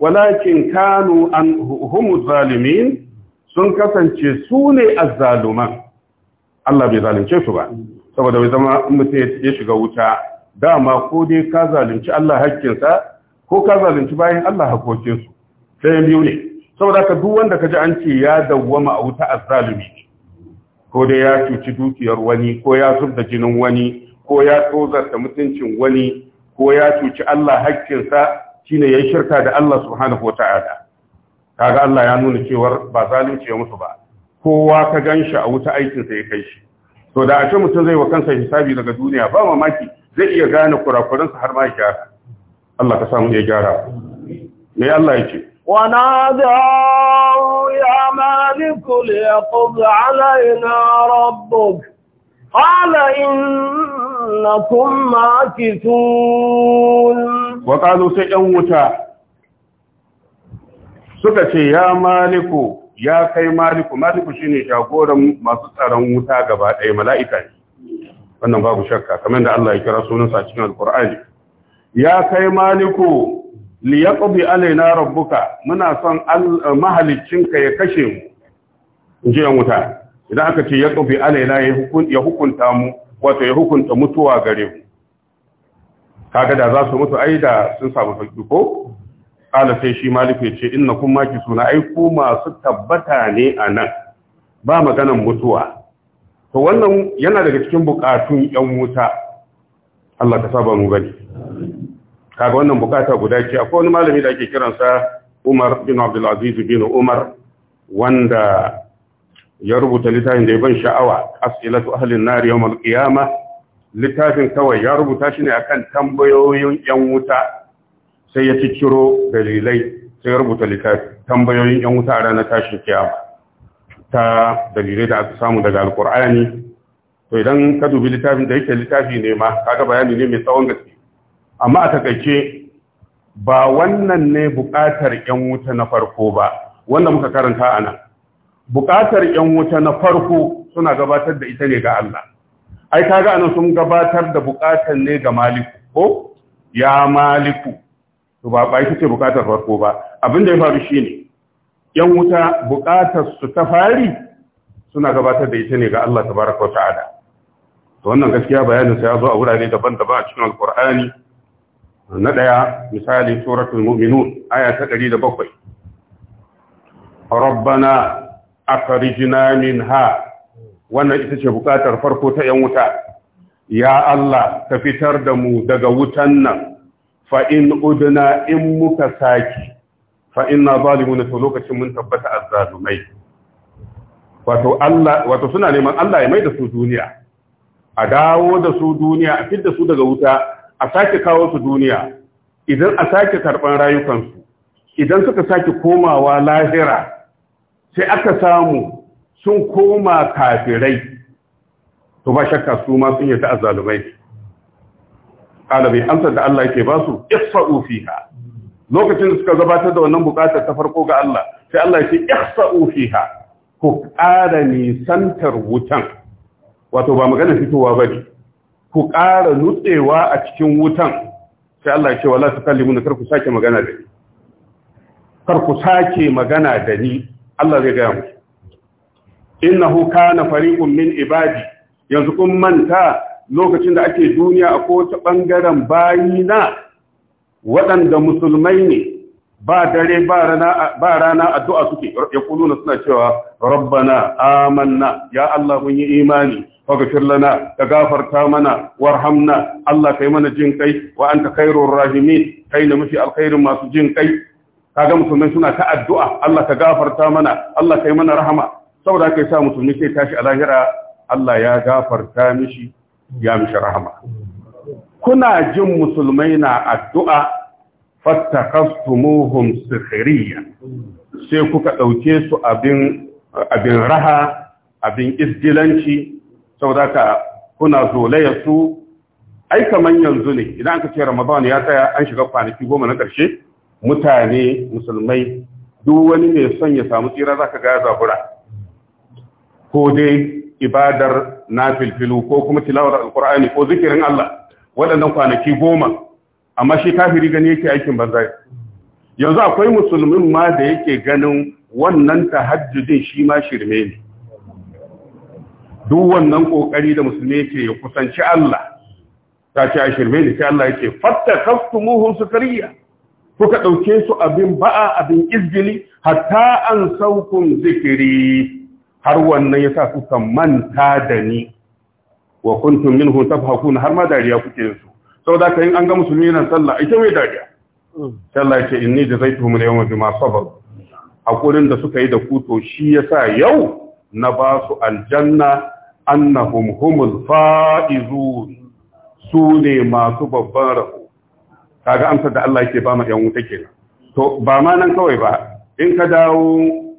A: walakin kanu an humu zalimin sun kasance su ne azzaluman Allah bai zalunce su ba saboda bai zama mutum ya shiga wuta dama ko dai ka zalunci Allah sa, ko ka zalunci bayan Allah hakokinsu sai biyu ne saboda ka duk wanda ka ji an ce ya dawwama a wuta azzalumi ko dai ya cuci dukiyar wani ko ya zubda jinin wani ko ya tsozarta mutuncin wani ko ya cuci Allah hakkinsa shine yayi shirka da Allah subhanahu wataala kaga Allah ya nuna cewa ba zalunci ya musu ba kowa ka ganshi a wuta aikin sa ya kai shi to da a ce mutum zai wa kansa hisabi daga duniya ba mamaki zai iya gane kurakuransa har ma ya gyara Allah ka samu ya gyara me Allah ya ce
B: ونادوا يا مالك ليقض علينا ربك قال إن إنكم ماكثون
A: وقالوا wuta suka ce ya maliku ya kai maliku maliku shine jagoran masu tsaron wuta gaba ɗaya mala'ika ne wannan babu shakka kamar da Allah ya kira sunansa cikin alkur'ani ya kai maliku liyaqbi alaina rabbuka muna son mahalicinka ya kashe mu inji yan wuta idan aka ce ya tsofi alaina ya hukunta mu wato ya hukunta mutuwa gare mu kaga da za su mutu ai da sun samu sauki ko kala sai shi malik ya ce inna kun maki suna ai ku masu tabbata ne a nan ba maganan mutuwa to wannan yana daga cikin bukatun yan wuta Allah ka saba mu gani kaga wannan bukata guda ce akwai wani malami da ake kiransa Umar bin Abdul Aziz bin Umar wanda ya rubuta littafin da ya ban sha'awa as'ilatu ahlin nar yawmal qiyama littafin kawai ya rubuta shi ne akan tambayoyin yan wuta sai ya cicciro dalilai sai ya rubuta littafin tambayoyin yan wuta a ranar tashin kiyama ta dalilai da aka samu daga alqur'ani to idan ka dubi littafin da yake littafi ne ma kaga bayani ne mai tsawon gaske amma a takaice ba wannan ne bukatar yan wuta na farko ba wanda muka karanta a nan Buƙatar yan wuta na farko suna gabatar da ita ne ga Allah ai kaga anan sun gabatar da bukatar ne ga maliku ko ya maliku to ba ba ce bukatar farko ba abin da ya faru shine yan wuta bukatar su ta fari suna gabatar da ita ne ga Allah tabaraka wa ada. to wannan gaskiya bayanin sai ya zo a wurare daban-daban a cikin alkur'ani na ɗaya misali suratul mu'minun aya ta ɗari da 107 ربنا min minha wannan ita ce bukatar farko ta yan wuta ya Allah ka fitar da mu daga wutan nan fa in udna in muka saki fa inna zalimuna to lokacin mun tabbata azzalumai wato Allah wato suna neman Allah ya mai da su duniya a dawo da su duniya a fidda su daga wuta a sake kawo su duniya idan a sake karban rayukansu idan suka sake komawa lahira sai aka samu sun koma kafirai to ba shakka su ma sun yi ta'azzalumai Ƙalabi amsar da Allah yake ba su isfa'u fiha lokacin da suka gabatar da wannan bukatar ta farko ga Allah sai Allah ya ce fiha ku ƙara nisantar wutan wato ba magana fitowa ba ne ku ƙara nutsewa a cikin wutan sai Allah ya ce wala tukallimuna kar ku sake magana da ni kar ku sake magana da ni Allah zai gaya musu innahu kana fariqun min ibadi yanzu kun manta lokacin da ake duniya a kowace bangaren bayina waɗanda musulmai ne ba dare ba rana ba suke. addu'a suke na suna cewa rabbana amanna ya Allah mun yi imani faghfir lana ka gafarta mana warhamna Allah kai mana jin kai wa anta khairur rahimin kai ne mushi alkhairin masu jin kai Ka ga musulmai suna ta addu'a Allah ka gafarta mana Allah kai mana rahama saboda kai sa musulmi ke tashi a lahira Allah ya gafarta mishi ya mishi rahama kuna jin musulmai na addu'a fattakastumuhum sikhiriya sai kuka ɗauke su abin raha abin isgilanci saboda ka kuna zolaya su ai kaman yanzu ne idan aka ce Ramadan ya tsaya an shiga kwanaki goma na ƙarshe mutane musulmai duk wani mai son ya samu tsira za ka gaya zabura ko dai ibadar na filfilu ko kuma tilawar alkur'ani ko zikirin Allah waɗannan kwanaki goma amma shi kafiri gani yake aikin banza yanzu akwai musulmin ma da yake ganin wannan tahajjudin shi ma shirme ne duk wannan kokari da musulmi yake ya kusanci Allah ta ce a shirme ne sai Allah yake fatta kaftumuhum sukariya kuka ɗauke su abin ba'a abin izgili hatta an saukun zikiri har wannan ya sa kuka manta da ni wa kuntum minhu tafhakun har ma dariya kuke su saboda kai an ga musulmi yana sallah ita mai dariya sallah ce inni jazaituhum al-yawma bima sabar hakurin da suka yi da ku to shi yasa yau na ba su aljanna annahum humul faizun su ne masu babban rahu kaga amsar da Allah yake ba ma yan wuta kenan to ba ma nan kawai ba in ka dawo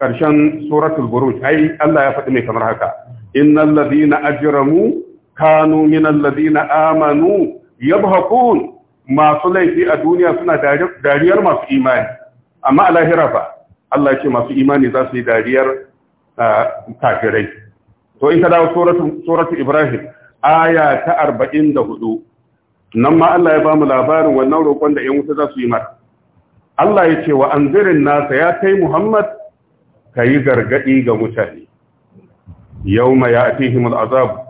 A: ƙarshen suratul buruj ai Allah ya faɗi mai kamar haka innal ladina ajramu kanu minal ladina amanu yabhaqun masu laifi a duniya suna dariyar masu imani amma a lahira fa Allah ce masu imani za su yi dariyar kafirai to in ka dawo suratul ibrahim aya ta 44 nan ma Allah ya bamu labarin wannan roƙon da ‘yan wuta za su yi mar. Allah ya ce wa an zirin nasa ya kai Muhammad ka yi gargaɗi ga mutane. Yau ma ya atihim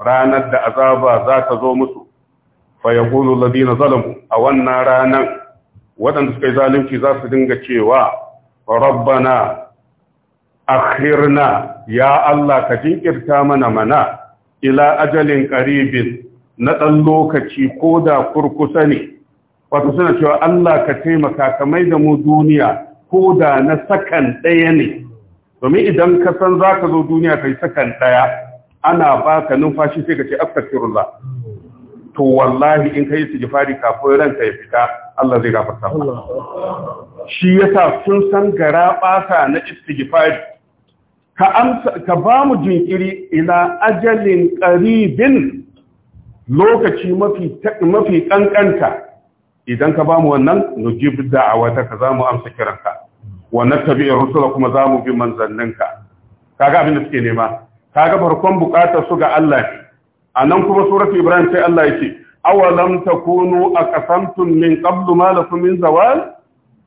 A: ranar da azaba za ta zo musu, fa ya kulu ladina zalamu a wannan ranar waɗanda suka yi zalunci za su dinga cewa, Rabbana, akhirna ya Allah ka jinkirta mana mana ila ajalin ƙaribin na ɗan lokaci ko da kurkusa ne wato suna cewa Allah ka taimaka ka mai da mu duniya ko da na sakan ɗaya ne domin idan ka san za ka zo duniya kai sakan ɗaya ana ba ka numfashi sai ka ce aftakirullah to wallahi in ka yi su fari kafin ranka ya fita Allah zai gafarta shi ya sa sun san gara ɓata na istighfari ka ba mu jinkiri ila ajalin ƙaribin lokaci mafi mafi kankanta idan ka bamu wannan nujib da'awata ka zamu amsa kiranka wa nattabi'ir rusula kuma zamu bi manzanninka kaga abin da suke nema kaga farkon bukatar su ga Allah ne anan kuma suratu ibrahim sai Allah yake awalam takunu aqasamtum min qablu ma lakum min zawal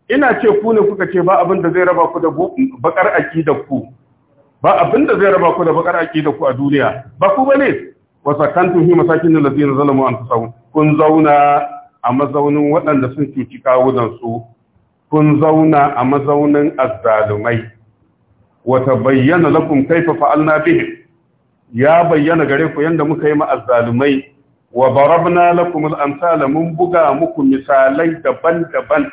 A: ina ce ku ne kuka ce ba abin da zai raba ku da bakar aqidar ku ba abin da zai raba ku da bakar aqidar ku a duniya ba ku bane wa sakantum fi masakin allazina zalamu anfusahum kun zauna a mazaunin waɗanda sun cuci kawunan su kun zauna a mazaunin azzalumai bayyana, tabayyana lakum Fa'al na bihim ya bayyana gare ku yadda muka yi ma azzalumai wa barabna lakum al-amsala mun buga muku misalai daban-daban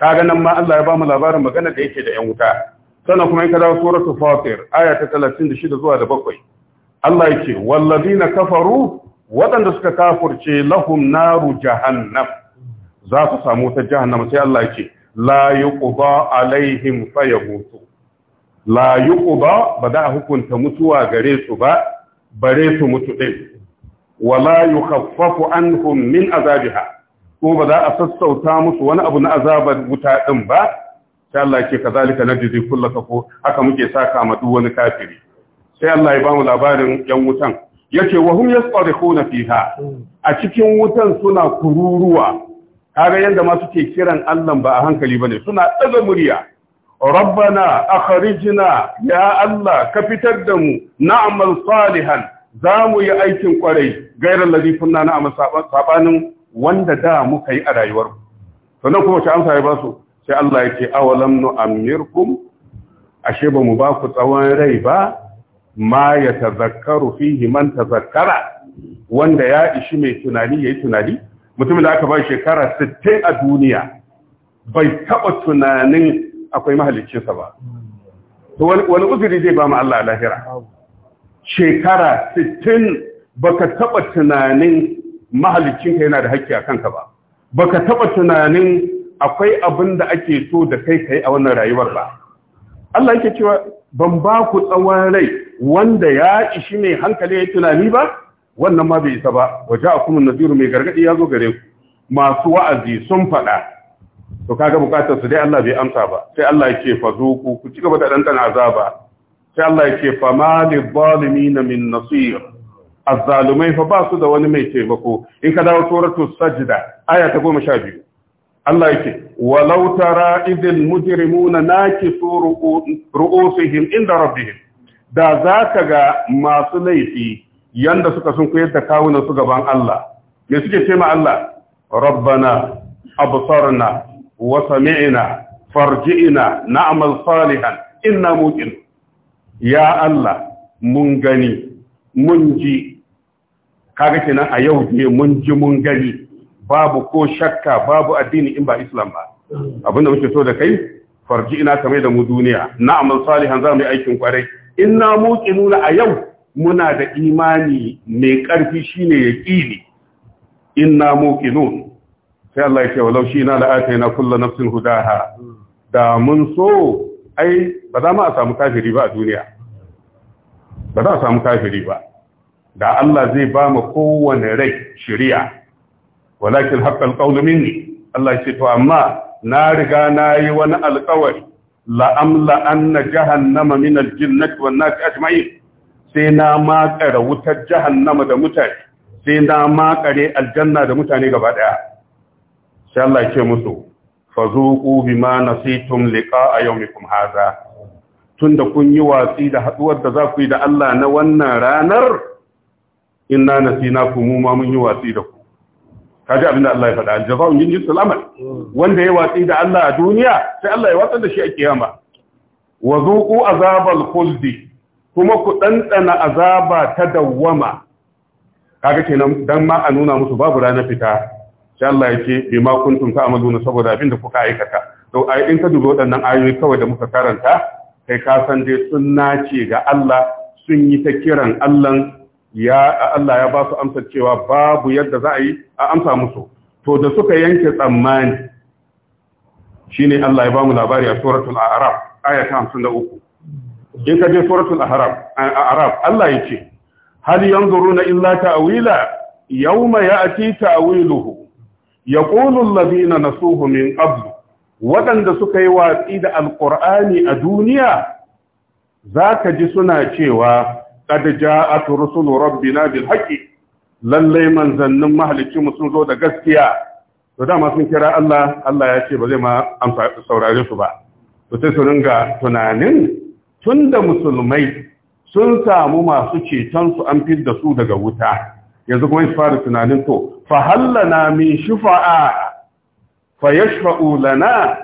A: Ta ganin ma Allah ya ba mu labarin magana da yake da yan wuta sannan kuma in ka dawo suratul fatir aya ta 36 zuwa da 7 Allah ya ce kafaru waɗanda suka kafurce lahum naru jahannam za su samu ta jahannam sai Allah ya ce la yuqda alaihim fayamutu la yuqda ba da hukunta mutuwa gare su ba bare su mutu din wala yukhaffafu anhum min azabiha ko ba za a sassauta musu wani abu na azabar wuta din ba sai Allah ya ce kazalika najzi kullu kafur haka muke saka ma duk wani kafiri sai Allah ya ba mu labarin yan wutan yace wa hum yasqarihuna fiha a cikin wutan suna kururuwa kaga yanda ma suke kiran Allah ba a hankali bane suna daga murya rabbana akhrijna ya Allah ka fitar da mu na'mal salihan za mu yi aikin kwarai gairar ladifunna na amma sabanin wanda da muka yi a rayuwar sannan kuma ta amsa ya ba su sai Allah ya ce awalam nu ashe ba mu ba ku tsawon rai ba ma ya tazakkaru fihi man tazakkara wanda ya ishi mai tunani yayi tunani mutumin da aka ba shekara 60 a duniya bai taba tunanin akwai mahaliccinsa ba to wani uzuri zai ba mu Allah a lahira shekara 60 baka taba tunanin mahaliccinka yana da hakki a kanka ba baka taba tunanin akwai abin da ake so da kai kai a wannan rayuwar ba Allah yake cewa ban ba ku tsawon rai wanda ya ishi mai hankali ya tunani ba wannan ma bai isa ba waje a kuma naziru mai gargadi ya zo gare ku masu wa'azi sun faɗa to kaga bukatar su dai Allah bai amsa ba sai Allah ya ce fa zuku ku ci gaba da dandan azaba sai Allah ya ce fa ma na min nasir azzalumai fa ba su da wani mai taimako in ka dawo suratu sajda aya ta 12 Allah yake walau tara idil mujrimuna nakisu ru'usihim inda rabbihim da za ka ga masu laifi yanda suka sun koyar da kawunan su gaban Allah me suke ce ma Allah rabbana Abusarna, wa Farji'ina, farji'na na'mal salihan ina mukin. ya Allah mun gani mun ji kaga kenan a yau ne mun ji mun gani babu ko shakka babu addini in ba islam ba abinda muke so da kai Farji'ina kamar da mu duniya na'amal salihan za mu yi aikin kwarai inna muqinuna a yau muna da imani mai ƙarfi shine yaqini inna muqinun sai Allah ce walau shi na la'ataina kullu nafsin hudaha da mun so ai ba za mu a samu kafiri ba a duniya ba za mu samu kafiri ba da Allah zai ba mu kowane rai shari'a walakin haqqal qawlu minni Allah ya ce to amma na riga na yi wani alƙawari la'amla jihan jahannama min aljinnati wan nas ajma'in sai na makare wutar jahannama da mutane sai na makare aljanna da mutane gaba daya sai Allah ya ce musu fazuqu bima nasitum liqa'a yawmikum hadha tunda kun yi watsi da haduwar da za ku yi da Allah na wannan ranar inna nasinakum ma mun yi watsi da ku kaji abinda Allah ya faɗa aljaza'u min jinsil amal wanda ya watsi da Allah a duniya sai Allah ya watsar da shi a kiyama wa zuqu azabal khuldi kuma ku dandana azaba ta dawwama kaga kenan dan ma a nuna musu babu ranar fita sai Allah ya ce bima kuntum ta'maluna saboda abinda kuka aikata to ai in ka dubi waɗannan ayoyi kawai da muka karanta kai ka san dai sun nace ga Allah sun yi ta kiran Allah ya Allah ya ba su amsar cewa babu yadda za a yi a amsa musu to da suka yanke tsammani shine Allah ya ba mu labari a suratul a'raf aya ta 53 in ka je suratul a'raf Allah ya ce hal yanzuruna illa ta'wila yawma ya'ti ta'wiluhu yaqulu alladhina nasuhu min qabl waɗanda suka yi watsi da alqur'ani a duniya zaka ji suna cewa qad ja'at rabbi na bil haƙƙi. lallai manzannin mahalicci sun zo da gaskiya to dama sun kira Allah Allah ya ce ba zai ma amsa saurare su ba to sai su ringa tunanin tun da musulmai sun samu masu ceton su an da su daga wuta yanzu kuma su fara tunanin to fa hallana min shufa'a fa yashfa'u lana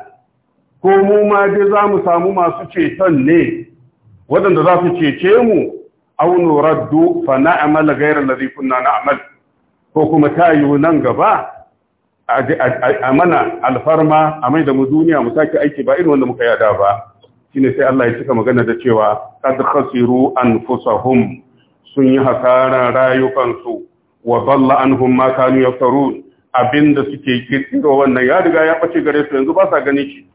A: ko mu ma dai za mu samu masu ceton ne waɗanda za su cece mu aw nuraddu fa na'mal ghayra alladhi kunna na'mal ko kuma ta yi nan gaba a mana alfarma a mai da mu duniya mu sake aiki ba irin wanda muka yada ba shine sai Allah ya cika magana da cewa qad khasiru anfusahum sun yi rayukan rayukansu wa dalla anhum ma kanu yaftarun abinda suke kirkiro wannan ya riga ya bace gare su yanzu ba sa gani shi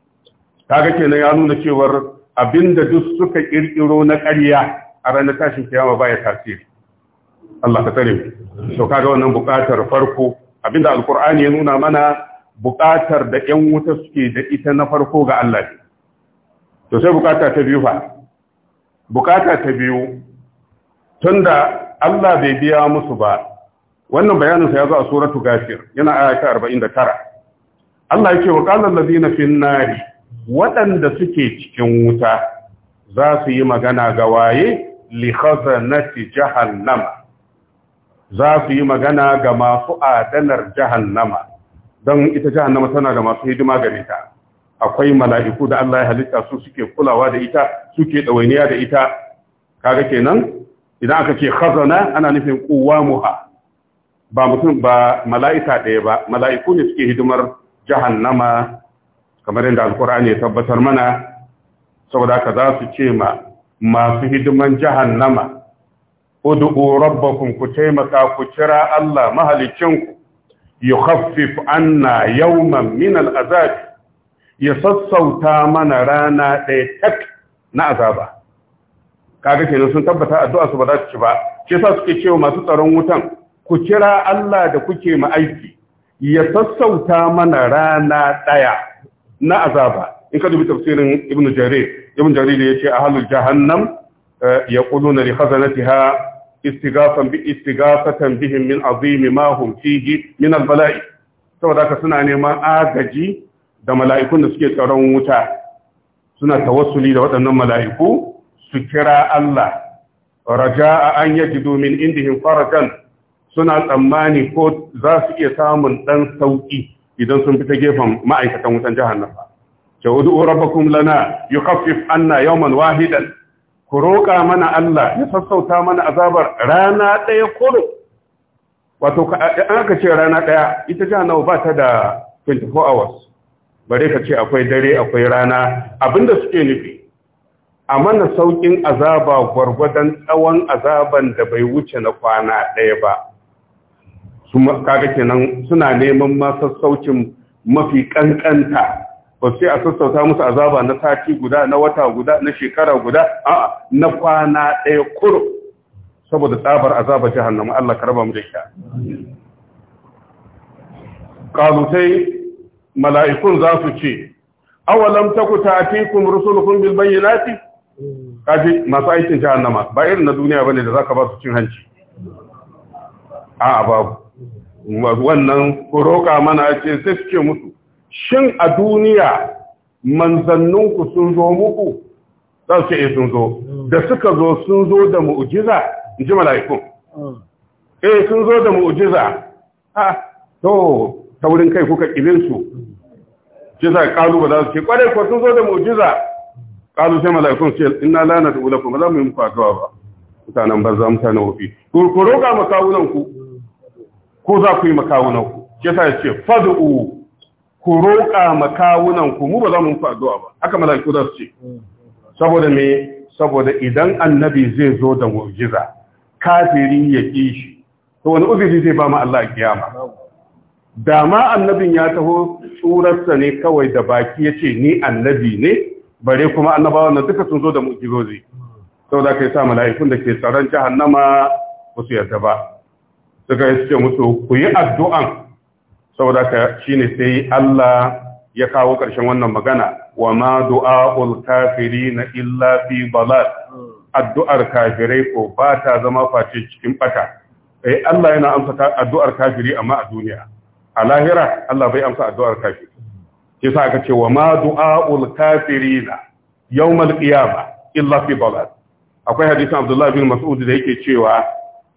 A: kaga kenan ya nuna cewa abinda duk suka kirkiro na ƙarya a ranar tashin kiyama baya tasiri Allah ka tare mu to kaga wannan buƙatar farko abinda alkur'ani ya nuna mana buƙatar da ƴan wuta suke da ita na farko ga Allah ne to sai buƙata ta biyu fa buƙata ta biyu tunda Allah bai biya musu ba wannan bayanin sa ya zo a suratu gafir yana aya da tara. Allah ya ce wa qala na fin nari waɗanda suke cikin wuta za su yi magana ga waye li khazanati jahannama za su yi magana ga masu adanar jahannama don ita jahannama tana da masu hidima gare ta akwai mala'iku da Allah ya halitta su suke kulawa da ita suke dawainiya da ita kaga kenan idan aka ce khazana ana nufin quwamuha ba mutum ba mala'ika ɗaya ba mala'iku ne suke hidimar jahannama kamar yadda alkur'ani ya tabbatar mana saboda haka za su ce ma masu hidiman jahannama ud'u rabbakun ku taimaka ku kira Allah mahalicinku yukhaffif anna yawman min al'azab ya sassauta mana rana ɗaya tak na azaba kaga kenan sun tabbata addu'a su ba za su ci ba ce sa suke cewa masu tsaron wutan ku kira Allah da kuke ma aiki ya sassauta mana rana ɗaya na azaba in ka dubi tafsirin Ibn jarir ibn jarir ya ce ahlul jahannam eh, yaquluna li khazanatiha istighasan bi istighasatan bihim min azim ma hum fihi min al-bala'i saboda ka suna neman agaji da mala'ikun da suke tsaron wuta suna tawassuli da waɗannan mala'iku su kira Allah raja'a an yajidu min indihim farajan suna tsammani ko za su iya samun ɗan sauƙi idan sun fita gefen ma'aikatan wutan jahannama ud'u rabbakum lana yukhaffif anna yawman wahidan ku roƙa mana Allah ya sassauta mana azabar rana ɗaya kuro wato an ka ce rana ɗaya ita nawa ba ta da 24 hours bare ka ce akwai dare akwai rana abinda suke nufi a mana saukin azaba gwargwadon tsawon azaban da bai wuce na kwana ɗaya ba kaga kenan suna neman masassaucin mafi ƙanƙanta ba sai a sassauta musu azaba na sati guda na wata guda na shekara guda a na kwana ɗaya kuro saboda tsabar azaba jihannama Allah karba mu da ita qalutai mala'ikun za su ce awalam taku ta'tikum rusulukum bil bayyinati kaji masu aikin jahannama ba irin na duniya bane da zaka ba su cin hanci a'a babu wannan roƙa mana ce sai suke musu shin a duniya manzanninku sun zo muku za su ce eh, sun zo da suka zo sun zo da mu'ujiza in ji mala'ikun eh sun zo da mu'ujiza ha to taurin kai kuka ƙilinsu jiza kalu ba za su ce kwarai ko sun zo da mu'ujiza kalu sai mala'ikun ce ina lana da ulaku ba za mu yi muku addu'a ba mutanen banza mutanen wofi ku roƙa makawunanku ko za ku yi makawunanku ya sa ya ce fadu'u ku roƙa makawunan ku mu ba za mu fi addu'a ba haka mala'iku za ce saboda me saboda idan annabi zai zo da mu'jiza kafiri ya ki shi to wani uzuri zai ba mu Allah kiyama da ma annabin ya taho tsurarsa ne kawai da baki ya ce ni annabi ne bare kuma annabawa na duka sun zo da mu'jizozi saboda kai sa mala'ikun da ke tsaron jahannama ba su yarda ba suka yi suke mutu ku yi addu'an saboda ka shine sai Allah ya kawo ƙarshen wannan magana wa ma du'a'ul kafirina illa fi balal addu'ar kafirai ko ba ta zama face cikin bata eh Allah yana amsa addu'ar kafiri amma a duniya a lahira Allah bai amsa addu'ar kafiri sai sa aka ce wa ma du'a'ul kafirina yawmal qiyama illa fi balal akwai hadisin Abdullah bin Mas'ud da yake cewa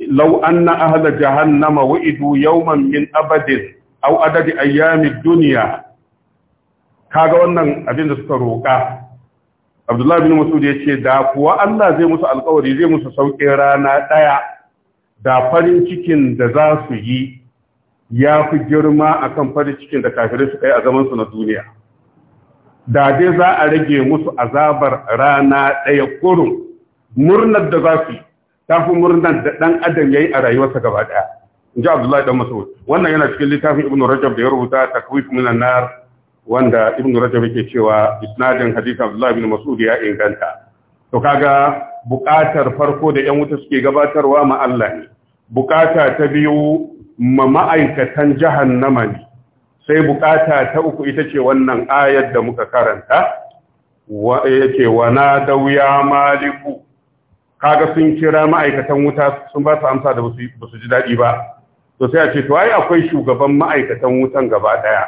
A: law anna ahla jahannama wa'idu yawman min abadin au adadi ayami duniya kaga wannan abin da suka roka Abdullahi bin Mas'ud ya ce da kuwa Allah zai musu alƙawari zai musu saukin rana ɗaya da farin cikin da za su yi ya fi girma akan farin cikin da kafirai suka yi a zaman na duniya da dai za a rage musu azabar rana ɗaya kurum murnar da za su yi ta fi murnar da ɗan adam ya yi a rayuwarsa gaba ɗaya ji Abdullahi dan Mas'ud wannan yana cikin littafin Ibn Rajab da ya rubuta takwif an nar wanda Ibn Rajab yake cewa isnadin hadith Abdullahi bin Mas'ud ya inganta to kaga bukatar farko da yan wuta suke gabatarwa ma Allah ne bukata ta biyu ma ma'aikatan jahannama ne sai bukata ta uku ita ce wannan ayar da muka karanta yake wana da wuya maliku kaga sun kira ma'aikatan wuta sun ba su amsa da ba su ji daɗi ba to sai a ce to ai akwai shugaban ma'aikatan wutan gaba daya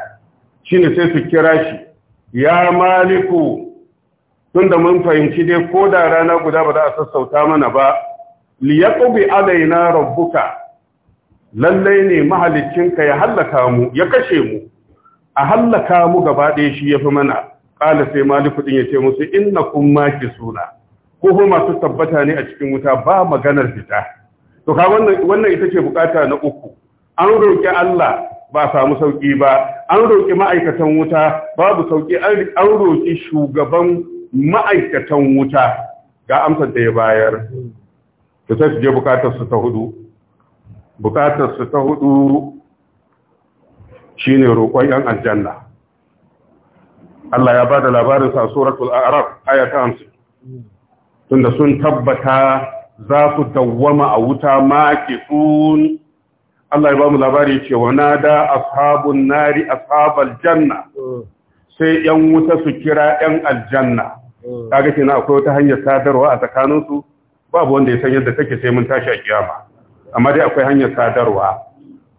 A: shine sai su kira shi ya maliku tunda mun fahimci dai ko da rana guda ba za a sassauta mana ba yaqbi alaina rabbuka lallai ne ka ya hallaka mu ya kashe mu a hallaka mu gaba daya shi yafi mana qala sai maliku din ce musu innakum makisuna ko Kuma masu tabbata ne a cikin wuta ba maganar fita to ka wannan wannan ita ce bukata na uku an roƙi Allah ba samu sauƙi ba an roƙi ma'aikatan wuta babu sauƙi an roƙi shugaban ma'aikatan wuta ga amsar da ya bayar to sai su je bukatar su ta hudu bukatar su ta hudu shine roƙon yan aljanna Allah ya bada labarin sa suratul a'raf aya 50 tunda sun tabbata za su dawwama a wuta ma maƙisun Allah ya ba mu labari cewa na da ashabun nari ashabal janna mm. sai yan wuta su kira yan aljanna mm. kaga kenan akwai wata hanyar sadarwa a tsakanin su babu wanda ya san yadda take sai mun tashi a kiyama amma dai akwai hanyar sadarwa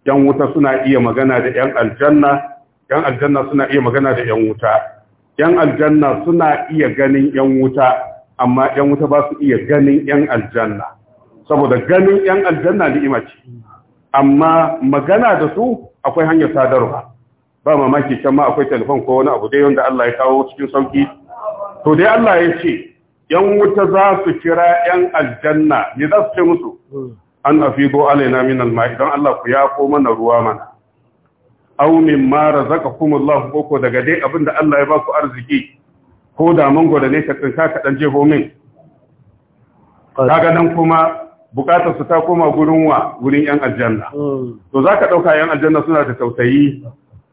A: yan wuta suna iya magana da yan aljanna yan aljanna suna iya magana da yan wuta yan aljanna suna iya ganin yan wuta amma yan wuta ba su iya ganin yan aljanna saboda ganin yan aljanna ni'ima ce amma magana da su akwai hanyar sadarwa ba mamaki can ma akwai telefon ko wani abu dai wanda Allah ya kawo cikin sauki to dai Allah ya ce yan wuta za su kira yan aljanna ne za su ce musu an afido alaina min alma'i don Allah ku ko mana ruwa mana aw zaka razaqakumullahu koko daga dai abinda Allah ya ba ku arziki ko da mangoro ne ka tsinka ka dan jeho min kaga nan kuma bukatar su ta koma gurin wa gurin yan aljanna mm. to zaka dauka yan aljanna suna da tausayi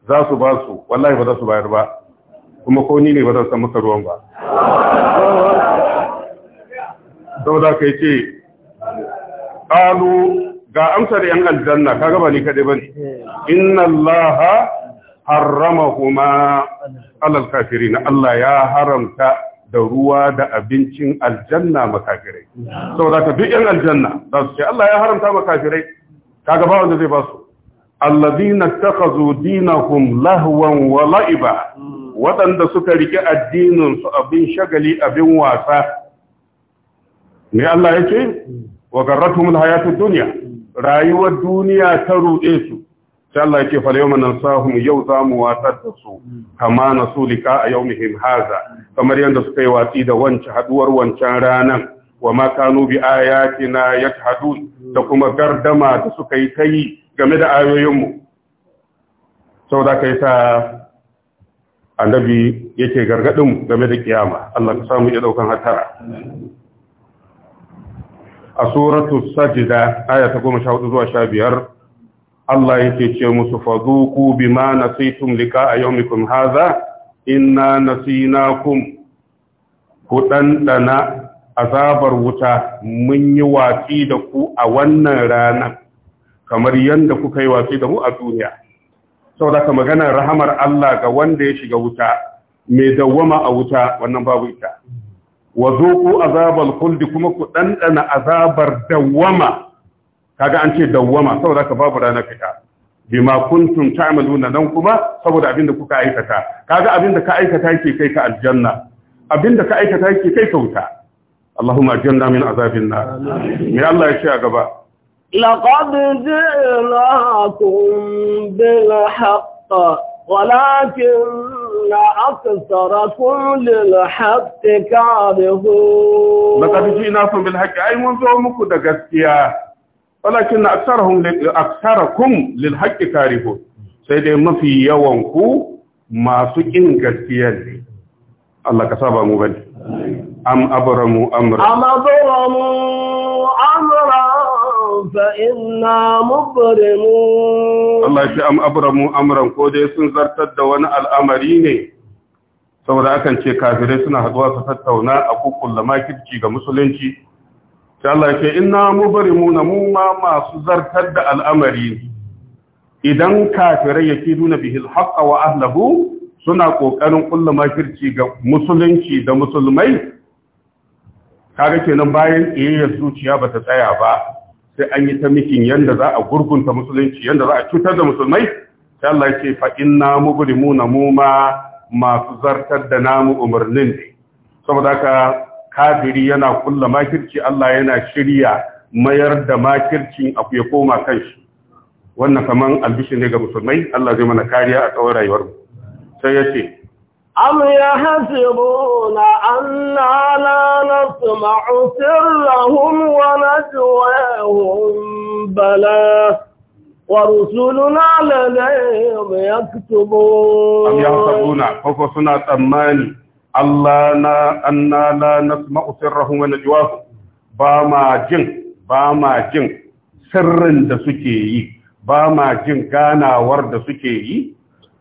A: za su ba su wallahi ba za su bayar ba kuma ko ni ne ba za su samu ruwan ba saboda kai ce qalu ga amsar yan aljanna kaga ba ni kade ba inna allaha harramahuma alal kafirin Allah ya haramta da ruwa da abincin aljanna makafirai saboda ka duk yan aljanna za su ce Allah ya haramta makafirai Ka ba wanda zai ba su allazina takhazu dinahum lahwan wa la'iba waɗanda suka rike addinin su abin shagali abin wasa ne Allah yake wa garratuhum alhayatud duniya. rayuwar duniya ta ruɗe su sai Allah yake fa yawma sahun. yau za mu watsar da su kama nasu lika a yau haza kamar yadda suka yi watsi da wancan haduwar wancan ranan wa ma kanu bi ayatina yajhadun da kuma gardama da suka yi kai game da ayoyinmu da kai ta annabi yake gargadin game da kiyama Allah ka samu ya daukan hatara a suratul sajda aya ta 14 zuwa 15 Allah ya ce musu fadhuqu bima nasitum liqa'a yawmikum hadha inna nasinakum ku dandana azabar wuta mun yi watsi da ku a wannan ranar kamar yadda kuka yi watsi da mu a duniya saboda ka maganar rahamar Allah ga wanda ya shiga wuta mai dawwama a wuta wannan babu ita wa zuqu azabal kuldi kuma ku dandana azabar dawwama kaga an ce dawwama saboda ka babu ranar fita bima kuntum ta'maluna nan kuma saboda abinda kuka aikata kaga abinda ka aikata yake kai ka aljanna abinda ka aikata yake kai ka wuta اللهم اجرنا من عذاب النار من الله يشاء غبا
B: لقد جئناكم بالحق ولكن أكثركم للحق كارهون لقد
A: جئناكم بالحق أي منذ أمك دقستيا walakin na aksarahum aksarakum lil haqqi karihun sai dai mafi yawan ku masu kin gaskiya ne Allah ka saba mu bane am abramu amra am
B: abramu amra fa inna mubrimun
A: Allah shi am abramu ko dai sun zartar da wani al'amari ne saboda akan ce kafirai suna haɗuwa su tattauna a kukkulla makirci ga musulunci sai Allah ke ina inna mu ma masu zartar da al'amari idan kafirai yakiduna bihil haqqa wa ahlihi suna kokarin kullu makirci ga musulunci da musulmai kaga kenan bayan kiyayyar zuciya bata tsaya ba sai an yi ta mikin yanda za a gurgunta musulunci yanda za a cutar da musulmai sai Allah ke fa inna mubrimuna mu ma masu zartar da namu umarnin saboda haka kafiri yana kulla makirci Allah yana shirya mayar da makircin abu ya koma kanshi wannan kaman albishi ne ga musulmai Allah zai mana kariya a tsawon rayuwar mu sai yace
B: am hasibuna anna la nasma'u sirrahum wa najwahum bala ورسلنا am ya hasibuna
A: Koko suna tsammani. Allah na anna la nasma'u sirrahum wa najwahum ba ma jin ba ma jin sirrin da suke yi ba ma jin ganawar da suke yi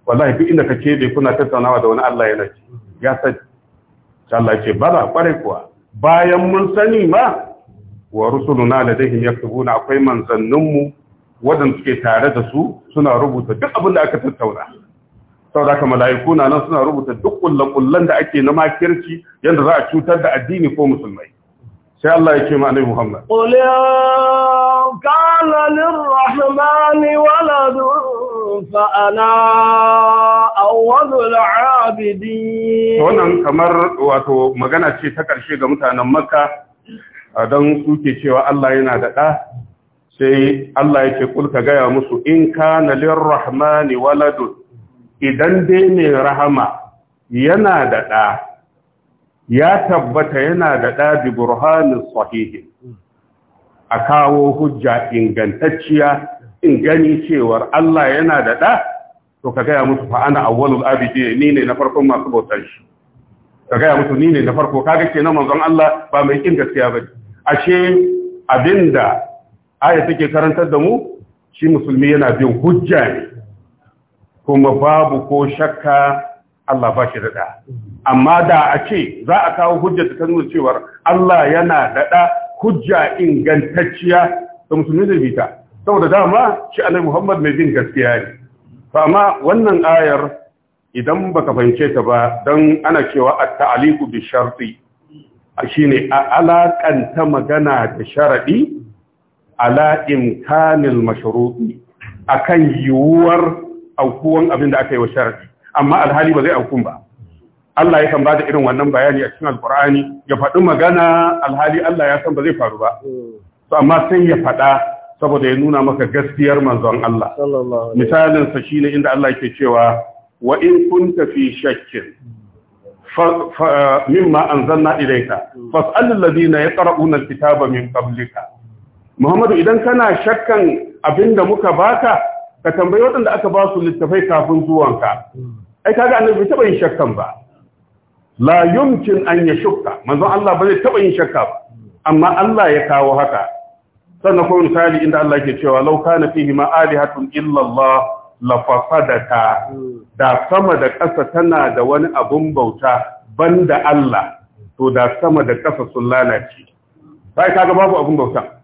A: wallahi bi inda kace bai kuna tattaunawa da wani Allah yana ci ya sani Allah ce ba ba kware kuwa bayan mun sani ma wa rusuluna ladaihim yaktubuna akwai manzanninmu wadanda suke tare da su suna rubuta duk abin da aka tattauna saboda haka mala'iku na nan suna rubuta duk kullakullan da ake na makirci yadda za a cutar da addini ko musulmai sai Allah ya ce ma Annabi Muhammad
B: qul ya kana lirrahmani waladun fa ana awwalul abidin wannan
A: kamar wato magana ce ta karshe ga mutanen Makka don suke cewa Allah yana da ɗa sai Allah yake kulka gaya musu in kana lirrahmani waladun idan dai mai rahama yana da ɗa ya tabbata yana da ɗa bi burhanin sahihi a kawo hujja ingantacciya in gani cewar Allah yana da ɗa to ka gaya musu fa ana awwalul abidi ni ne na farkon masu bautar shi ka gaya musu ni ne na farko kaga kenan manzon Allah ba mai kin gaskiya bane ashe abinda aya take karantar da mu shi musulmi yana bin hujja ne kuma babu ko shakka Allah ba shi daɗa. Amma da a ce za a kawo hujja ta nuna cewar Allah yana daɗa hujja ingantacciya da musulmi da fita. Saboda dama shi Annabi Muhammad mai bin gaskiya ne. To amma wannan ayar idan baka fahimce ta ba don ana cewa at-ta'liqu bi sharti shine a alaƙanta magana da sharaɗi, ala imkanil mashruti akan yiwuwar aukuwan abin da aka yi wa sharadi amma alhali ba zai aukun ba Allah yakan ba da irin wannan bayani a cikin alkur'ani ya faɗi magana alhali Allah ya san ba zai faru ba to amma sai ya faɗa saboda ya nuna maka gaskiyar manzon Allah misalin sa shine inda Allah yake cewa wa in kunta fi shakkin mimma anzalna ilayka fas'al alladhina yaqra'una alkitaba min qablika Muhammadu idan kana shakkan abinda muka baka ka tambayi waɗanda aka ba su littafai kafin zuwanka ai kaga annabi taba taɓa yin shakkan ba la yumkin an ya shukka manzon Allah ba zai taɓa yin shakka ba amma Allah ya kawo haka sannan kuma misali inda Allah ke cewa law kana fihi ma alihatun illa Allah la fasadata da sama da ƙasa tana da wani abun bauta banda Allah to da sama da ƙasa sun lalace sai kaga babu abun bauta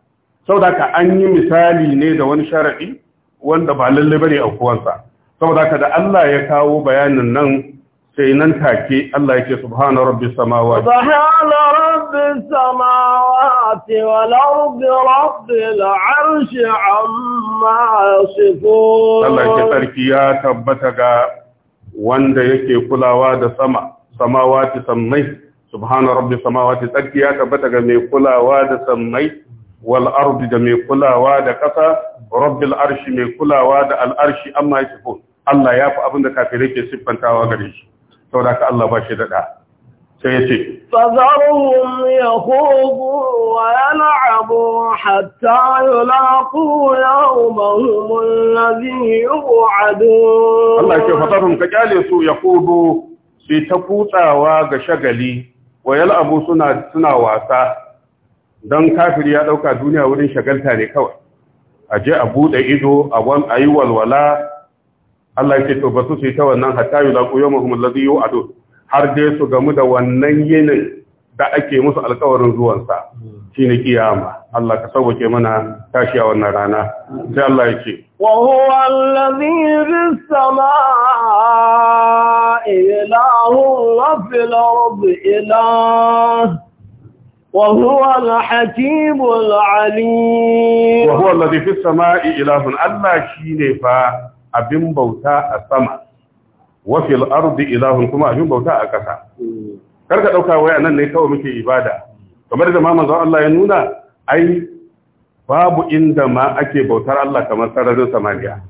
A: saboda ka an yi misali ne da wani sharadi wanda ba lalle bane a kuwansa saboda ka da Allah ya kawo bayanin nan sai nan take Allah yake subhana rabbis samawati
B: subhana rabbis samawati wal ardi rabbil arshi amma yasifun Allah yake sarki
A: ya tabbata ga wanda yake kulawa da sama samawati sammai subhana rabbi samawati tsarki ya tabbata ga mai kulawa da sammai wal ardi da mai kulawa da ƙasa rabbil arshi mai kulawa da al arshi amma yasifun Allah ya fi abin da kafirai ke siffantawa gare shi saboda ka Allah ba shi da da sai yace
B: fazarhum yakhubu wa yal'abu hatta yulaqu yawmahum alladhi yu'adun Allah ya ce fazarhum
A: ka kyale su yakhubu sai ta kutsawa ga shagali wa yal'abu suna suna wasa don kafiri ya ɗauka duniya wurin shagalta ne kawai a je a buɗe ido a yi walwala Allah ya ce to ba su ta wannan hatta yi laƙo yau mahimman har dai su gamu da wannan yinin da ake musu alkawarin zuwansa shi ne kiyama Allah ka sauke mana tashi a wannan rana sai Allah ya ce
B: wa huwa allazi bis samaa'i wa fil ardi ilahu وهو الحكيم العليم وهو
A: الذي في السماء إله الله شيني فا أبن بوتا السماء وفي الأرض إله كما أبن بوتا أكسا karka ɗauka wai anan ne kawai muke ibada kamar da ma manzon Allah ya nuna ai babu inda ma ake bautar Allah kamar sararin samariya.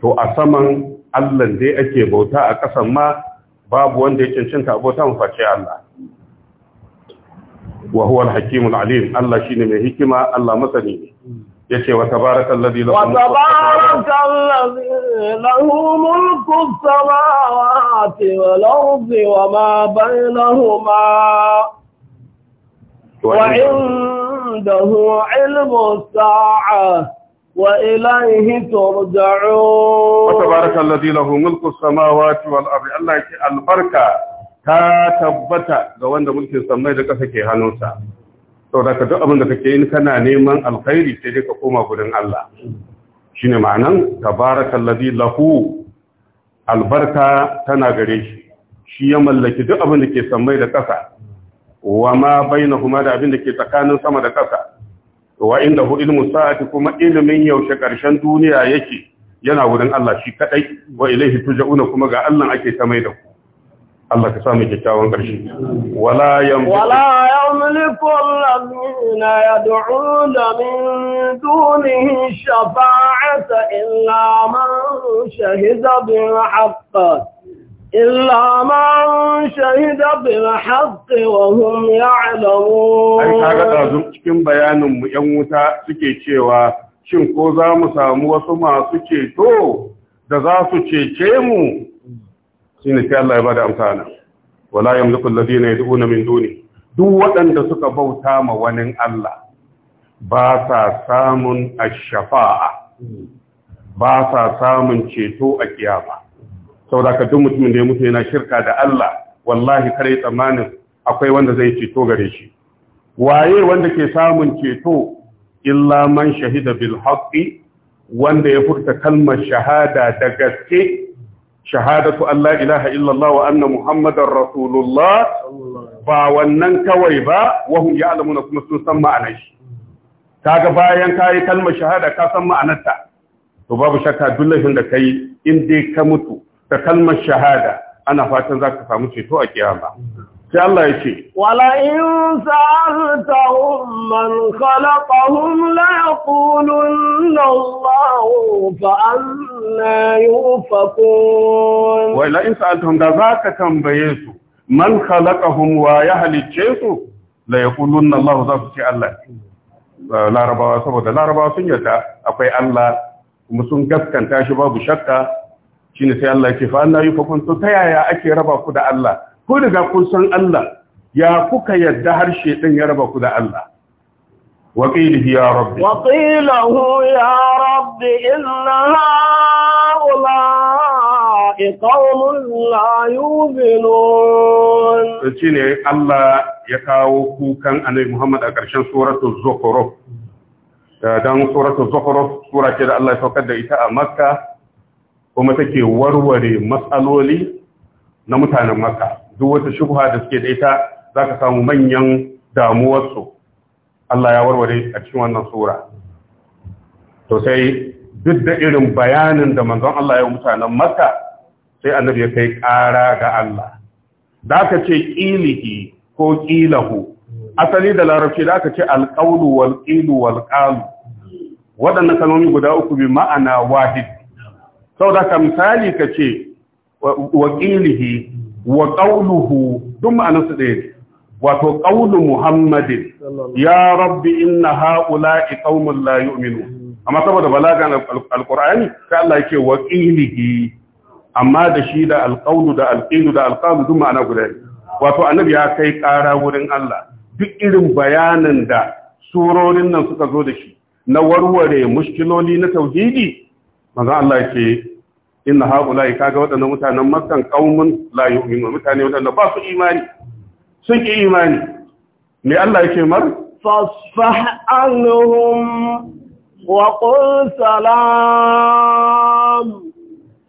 A: to a saman Allah dai ake bauta a ƙasan ma babu wanda ya cancanta abota mu face Allah wa huwa al-hakimul alim Allah shine mai hikima Allah masani ne yace wa tabarakallazi lahu wa tabarakallazi
B: samawati wal ardi wa ma bainahuma wa indahu ilmu as-sa'ah وإليه ترجعون وتبارك
A: الذي له ملك السماوات والأرض الله البركة ta tabbata ga wanda mulkin sammai da ƙasa ke hannunsa saboda daga duk abin da kake yin kana neman alkhairi sai dai ka koma wurin Allah ne ma'anan lazi lahu albarka tana gare shi shi ya mallaki duk abin da ke sammai da ƙasa wa ma kuma da abin da ke tsakanin sama da ƙasa wa inda hu ilmu sa'ati kuma ilimin yaushe ƙarshen duniya yake yana wurin Allah shi kaɗai wa ilaihi tuja'una kuma ga Allah ake ta mai da ku Allah ka samu kyakkyawan ƙarshe wala
B: yamliku alladhina yad'una min dunihi shafa'ata illa man shahida bil haqq إلا من شهد بالحق وهم يعلمون أي kaga ɗazun
A: cikin bayaninmu ‘yan wuta suke cewa shin ko za mu samu wasu masu ceto da za su cece mu shine sai Allah ya bada amsa ana wala yamliku alladhina yad'una min duni duk waɗanda suka bauta ma wani Allah ba sa samun ash-shafa'a ba sa samun ceto a kiyama saboda ka duk mutumin da ya mutu yana shirka da Allah wallahi kare tsamanin akwai wanda zai ceto gare shi waye wanda ke samun ceto illa man shahida bil haqqi wanda ya furta kalmar shahada da gaske shahadatu Allah ilaha illallah wa anna muhammadar rasulullah ba wannan kawai ba wahum ya'lamuna kuma sun san ma'anar shi kaga bayan kayi kalmar shahada ka san ma'anarta to babu shakka duk laifin da kai in dai ka mutu da kalmar shahada ana fatan zaka samu ceto a kiyama sai Allah ya ce
B: wala in sa'altahum man khalaqahum la yaqulunna Allahu fa anna yufakun
A: wala in sa'altahum da za ka tambaye su man khalaqahum wa ya halicce su la yaqulunna Allahu za su ce Allah larabawa saboda larabawa sun yarda akwai Allah kuma sun gaskanta shi babu shakka shine sai Allah ya ce fa anna yufakun to ta yaya ake raba ku da Allah ko daga kusan Allah ya kuka yadda harshe ɗin ya raba ku da Allah. Waƙilihu ya rabbi.
B: Waƙilihu ya rabbi inna la'ula iƙaunun layubinun.
A: Sarki ne Allah ya kawo kukan Annabi Muhammad a ƙarshen suratu Zokorof. Don suratu Zokorof, sura ce da Allah ya saukar da ita a Makka, kuma take warware matsaloli na mutanen Makka. duk wata shubha da suke da ita ka samu manyan damuwarsu Allah ya warware a cikin wannan sura to sai duk da irin bayanin da manzon Allah ya mutanen Makka sai annabi ya kai ƙara ga Allah da aka ce ƙilihi ko ƙilahu asali da larabci da aka ce alƙaulu wal ƙilu wal ƙalu waɗannan kalmomi guda uku bi ma'ana wahid sau da ka misali ka ce wa ƙilihi wa qawluhu duk ma'anarsu ɗaya ne wato ƙaunu muhammadin ya rabbi inna i qaumun la yu'minun amma saboda balagan alqur'ani sai Allah yake wa ƙilihi amma da shi da alƙaunu da alƙilu da alqalu duk ma'ana guda ne wato annabi ya kai ƙara wurin Allah duk irin bayanan da surorin nan suka zo da shi na warware mushkiloli na tauhidi manzo Allah yake inna haula'i kaga waɗannan mutanen makkan qaumun la yu'minu mutane waɗanda ba su imani sun ki imani me Allah yake mar
B: fasfah anhum wa qul salam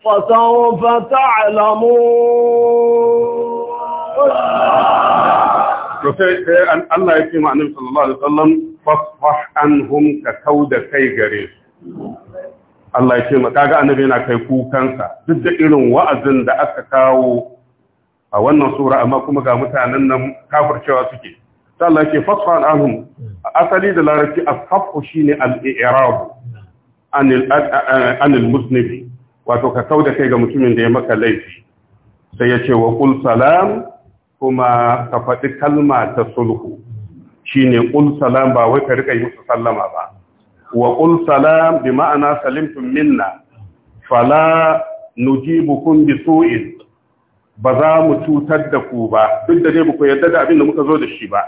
B: فسوف تعلمون
A: Allah ya ce ma annabi sallallahu alaihi wasallam fasfah anhum ka kauda kai gare
B: su
A: Allah ya ce ma kaga annabi yana kai kukansa duk da irin wa'azin da aka kawo a wannan sura amma kuma ga mutanen nan kafircewa suke sai Allah ya fasfa anhum asali da larabci ashafu shine al-i'rab anil anil wato ka kauda kai ga mutumin da ya maka laifi sai ya ce wa qul salam kuma ka faɗi kalma ta sulhu shine qul salam ba wai ka rika yi musu sallama ba Waƙulsala qul bi ma'ana salimtum minna fala nujibukum bi su'in ba za mu cutar da ku ba duk da dai ku yarda da abin da muka zo da shi ba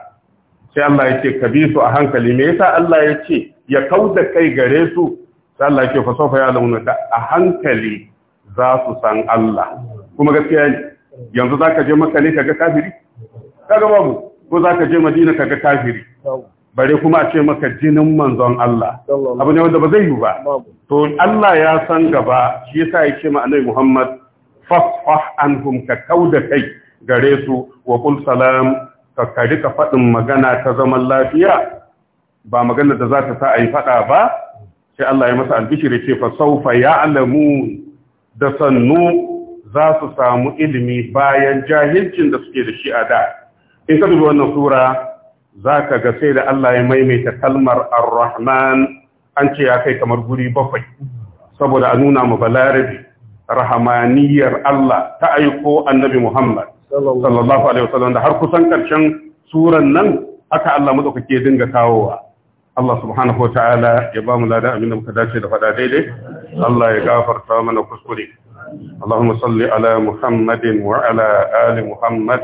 A: sai Allah ya ce ka bi su a hankali me yasa Allah ya ce ya kauda kai gare su sai Allah ya ce fa sofa ya launa da a hankali za su san Allah kuma gaskiya ne yanzu zaka je Makka ne kaga kafiri kaga babu ko zaka je Madina kaga kafiri bare kuma a ce maka jinin manzon Allah abu ne wanda ba zai yi ba to Allah ya san gaba shi yasa ya ce ma Muhammad fasfah anhum ka kauda kai gare su wa qul salam ka kari ka fadin magana ta zaman lafiya ba magana da za ta sa a yi fada ba sai Allah ya masa albishir ya ce fa sawfa ya'lamun da sannu za su samu ilimi bayan jahilcin da suke da shi a da in ka dubi wannan sura za ka ga sai da Allah ya maimaita kalmar ar-rahman an ce ya kai kamar guri bakwai saboda a nuna mu balarabi rahamaniyar Allah ta aiko annabi Muhammad sallallahu alaihi wasallam da har kusan karshen suran nan aka Allah ke dinga kawowa Allah subhanahu wa ta'ala ya ba mu ladan abin da muka dace da fada daidai Allah ya gafarta mana kuskure Allahumma salli ala wa ala ali Muhammad